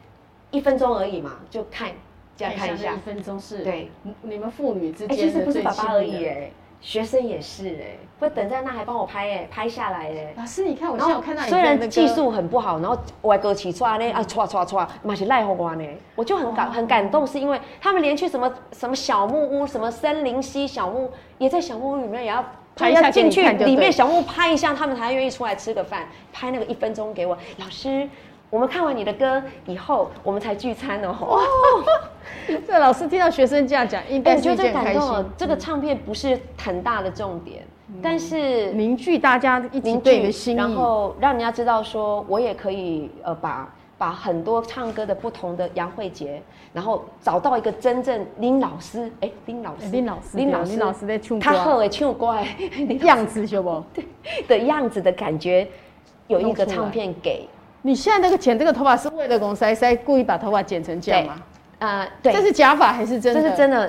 一分鐘而已嘛，就看這樣看一下。是是一分鐘是對你,你們父女之間其實、欸就是、不是爸爸而已哎、欸。學生也是哎、欸，不等在那還幫我拍哎、欸，拍下來哎、欸。老師，你看我現在看到，雖然技術很不好，然後歪哥起出來呢啊，刷刷刷，還是賴好我呢。我就很感、哦、很感動，是因為他們連去什麼什麼小木屋，什麼森林溪小木，也在小木屋裡面也要，要拍一下進去裡面小木屋拍一下，他們才願意出來吃個飯，拍那個一分鐘給我，老師。我們看完你的歌以後，我們才聚餐哦。哇、哦！ <laughs> 這老師聽到學生這樣講，應該是最感動了、哦嗯。這個唱片不是很大的重點，嗯、但是凝聚大家一起對於凝聚的心意，然後讓人家知道說，我也可以呃，把把很多唱歌的不同的楊惠絜，然後找到一個真正林老師哎，林老師，林老師，林老、老、老師，他後哎，唱乖的樣子是不？對 <laughs> <laughs> 的樣子的感覺，有一個唱片給。你現在那個剪，這個頭髮是為了拱腮腮，故意把頭髮剪成這樣嗎？啊、呃，對，這是假髮還是真的？這是真的，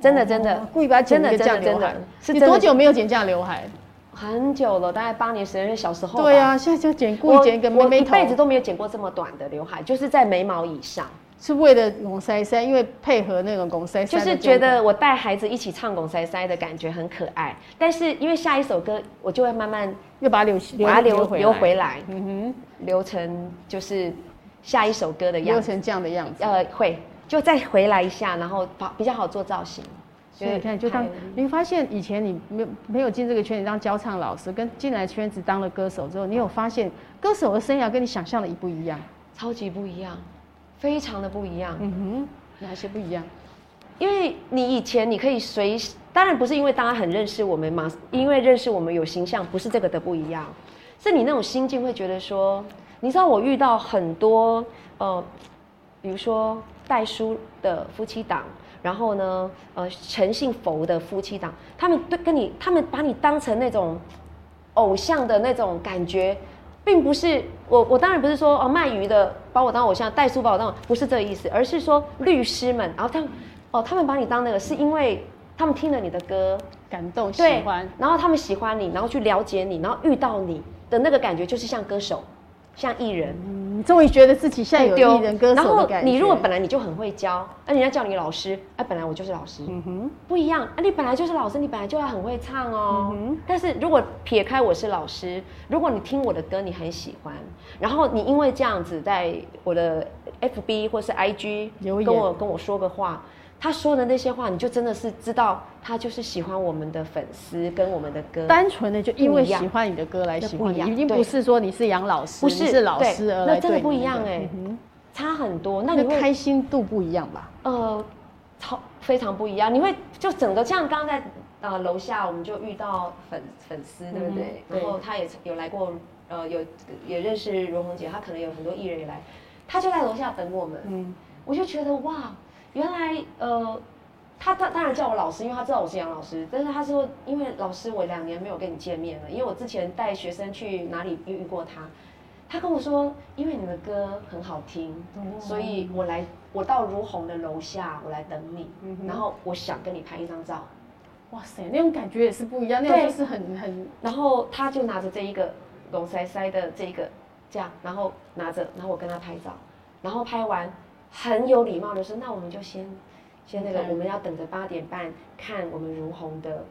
真的。哦、真的，故意把它剪成這樣劉海你多久沒有剪這樣劉海的的的？很久了，大概八年十二月小時候。對啊，現在就剪，故意剪一個妹妹頭。我我一輩子都沒有剪過這麼短的劉海就是在眉毛以上。是為了《拱腮腮》，因為配合那種《拱腮腮》，就是覺得我帶孩子一起唱《拱腮腮》的感覺很可愛。但是因為下一首歌，我就會慢慢又把它留，把它留，留回，回來。嗯哼，留成就是下一首歌的樣子，留成這樣的樣子。呃，會就再回來一下，然後把比較好做造型。所以，所以你看，就當你發現以前你沒有沒有進這個圈，你當教唱老師，跟進來圈子當了歌手之後，你有發現歌手的生涯跟你想象的一不一樣？超級不一樣。非常的不一樣，嗯哼，哪些不一樣？因為你以前你可以隨，當然不是因為大家很認識我們嘛，因為認識我們有形象，不是這個的不一樣，是你那種心境會覺得說，你知道我遇到很多呃，比如說代書的夫妻檔，然後呢，呃，誠信佛的夫妻檔，他們都跟你，他們把你當成那種偶像的那種感覺。並不是我，我當然不是說哦，賣魚的把我當偶像，帶書把我當我，不是這個意思，而是說律師們，然後他，哦，他們把你當那個，是因為他們聽了你的歌，感動，喜歡，然後他們喜歡你，然後去了解你，然後遇到你的那個感覺，就是像歌手，像藝人。嗯你終於覺得自己像有藝人歌手的感覺，哎，然後你如果本來你就很會教，那，啊、人家叫你老師，啊本來我就是老師，嗯哼，不一樣。啊你本來就是老師，你本來就要很會唱哦。嗯哼，但是如果撇開我是老師，如果你聽我的歌你很喜歡，然後你因為這樣子在我的 FB 或是 IG 跟我跟我說個話。他說的那些話，你就真的是知道他就是喜歡我們的粉絲跟我們的歌，單純的就因為喜歡你的歌來喜歡你一，一定不是說你是楊老師，不是，不是，是老師而來，那真的不一樣哎、嗯，差很多。那個開心度不一樣吧？呃，超非常不一樣。你會就整個像剛剛在呃樓下，我們就遇到粉粉絲，對不對？嗯、然後他也有來過，呃，有也認識榮宏姐，他可能有很多藝人也來，他就在樓下等我們。嗯，我就覺得哇。原來，呃，他當當然叫我老師，因為他知道我是楊老師。但是他說，因為老師，我兩年沒有跟你見面了，因為我之前帶學生去哪裡遇遇過他。他跟我說，因為你的歌很好聽、嗯，所以我來，我到如虹的樓下，我來等你、嗯。然後我想跟你拍一張照。哇塞，那種感覺也是不一樣，那種就是很很。然後他就拿着這一個，狗塞塞的這一個，這樣，然後拿着，然後我跟他拍照，然後拍完。很有禮貌的說：“那我們就先先那個，okay. 我們要等着八點半看我們如虹的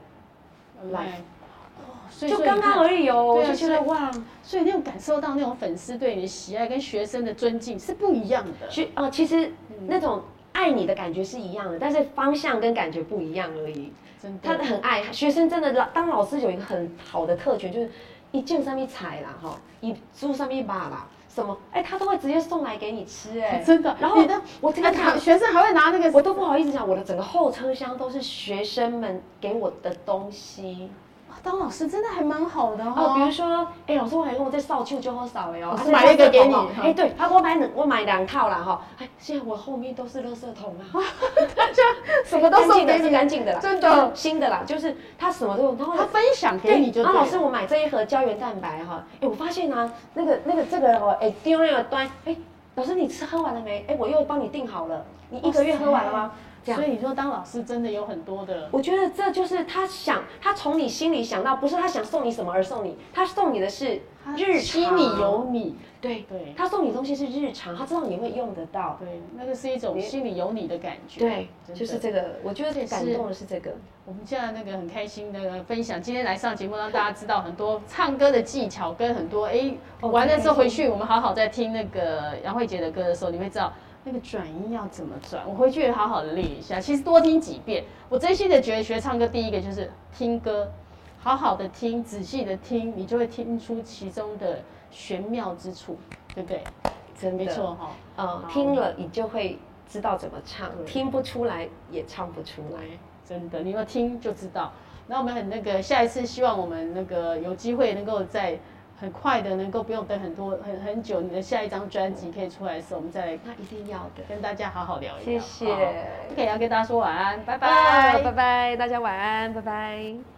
live，okay. oh, 就剛剛而已哦。就覺得哇，所以那種感受到那種粉絲對你的喜愛跟學生的尊敬是不一樣的。學呃、其實、嗯、那種愛你的感覺是一樣的，但是方向跟感覺不一樣而已。真的，他很愛學生，真的老當老師有一個很好的特權，就是你種上面踩啦，哈、哦，你上面麼肉啦。”怎麼？哎，他都會直接送來給你吃誒，哎、啊，真的。然後呢，我、嗯、的，我這個、哎、學生還會拿那個，我都不好意思講，我的整個後車廂都是學生們給我的東西。當老師真的還蠻好的哦，啊、比如說，誒老師哦、老師，我還用再少舊，就好少了。」哦，買了一個給你，哦哎、對，他給我買兩，我買兩套啦哈、哦哎，現在我後面都是垃圾桶啦、啊，哈、啊、哈，家什麼都送、哎、的，是乾淨的啦，真的、啊，新的啦，就是他什麼都，他分享給你就、啊、老師，我買這一盒膠原蛋白哈、哦哎，我發現、啊、那個那個這個哦，哎丟那個端、哎，老師你吃喝完了沒、哎？我又幫你訂好了，你一個月喝完了嗎？哦所以你說當老師真的有很多的。我覺得這就是他想，他從你心裡想到，不是他想送你什麼而送你，他送你的是日常他常，心裡有你，對，對他送你東西是日常，嗯，他知道你會用得到，對，那個是一種心裡有你的感覺，對，就是這個，我覺得最感動的是這個我。我們現在那個很開心的分享，今天來上節目讓大家知道很多唱歌的技巧，跟很多哎，完了之後回去我們好好再聽那個楊惠絜的歌的時候，你會知道。那個轉音要怎麼轉？我回去好好的練一下。其實多聽幾遍，我真心的覺得學唱歌第一個就是聽歌，好好的聽，仔細的聽，你就會聽出其中的玄妙之處，對不對？真的沒錯哈。嗯，聽了你就會知道怎麼唱，聽不出來也唱不出來。真的，你要聽就知道。那我們很那個下一次希望我們那個有機會能夠再。很快的能夠不用等很多很很久，你的下一張專輯可以出來的時候，我們再來，那一定要的跟大家好好聊一聊。謝謝。OK，要跟大家說晚安，拜拜，拜拜，拜拜，大家晚安，拜拜。拜拜，拜拜。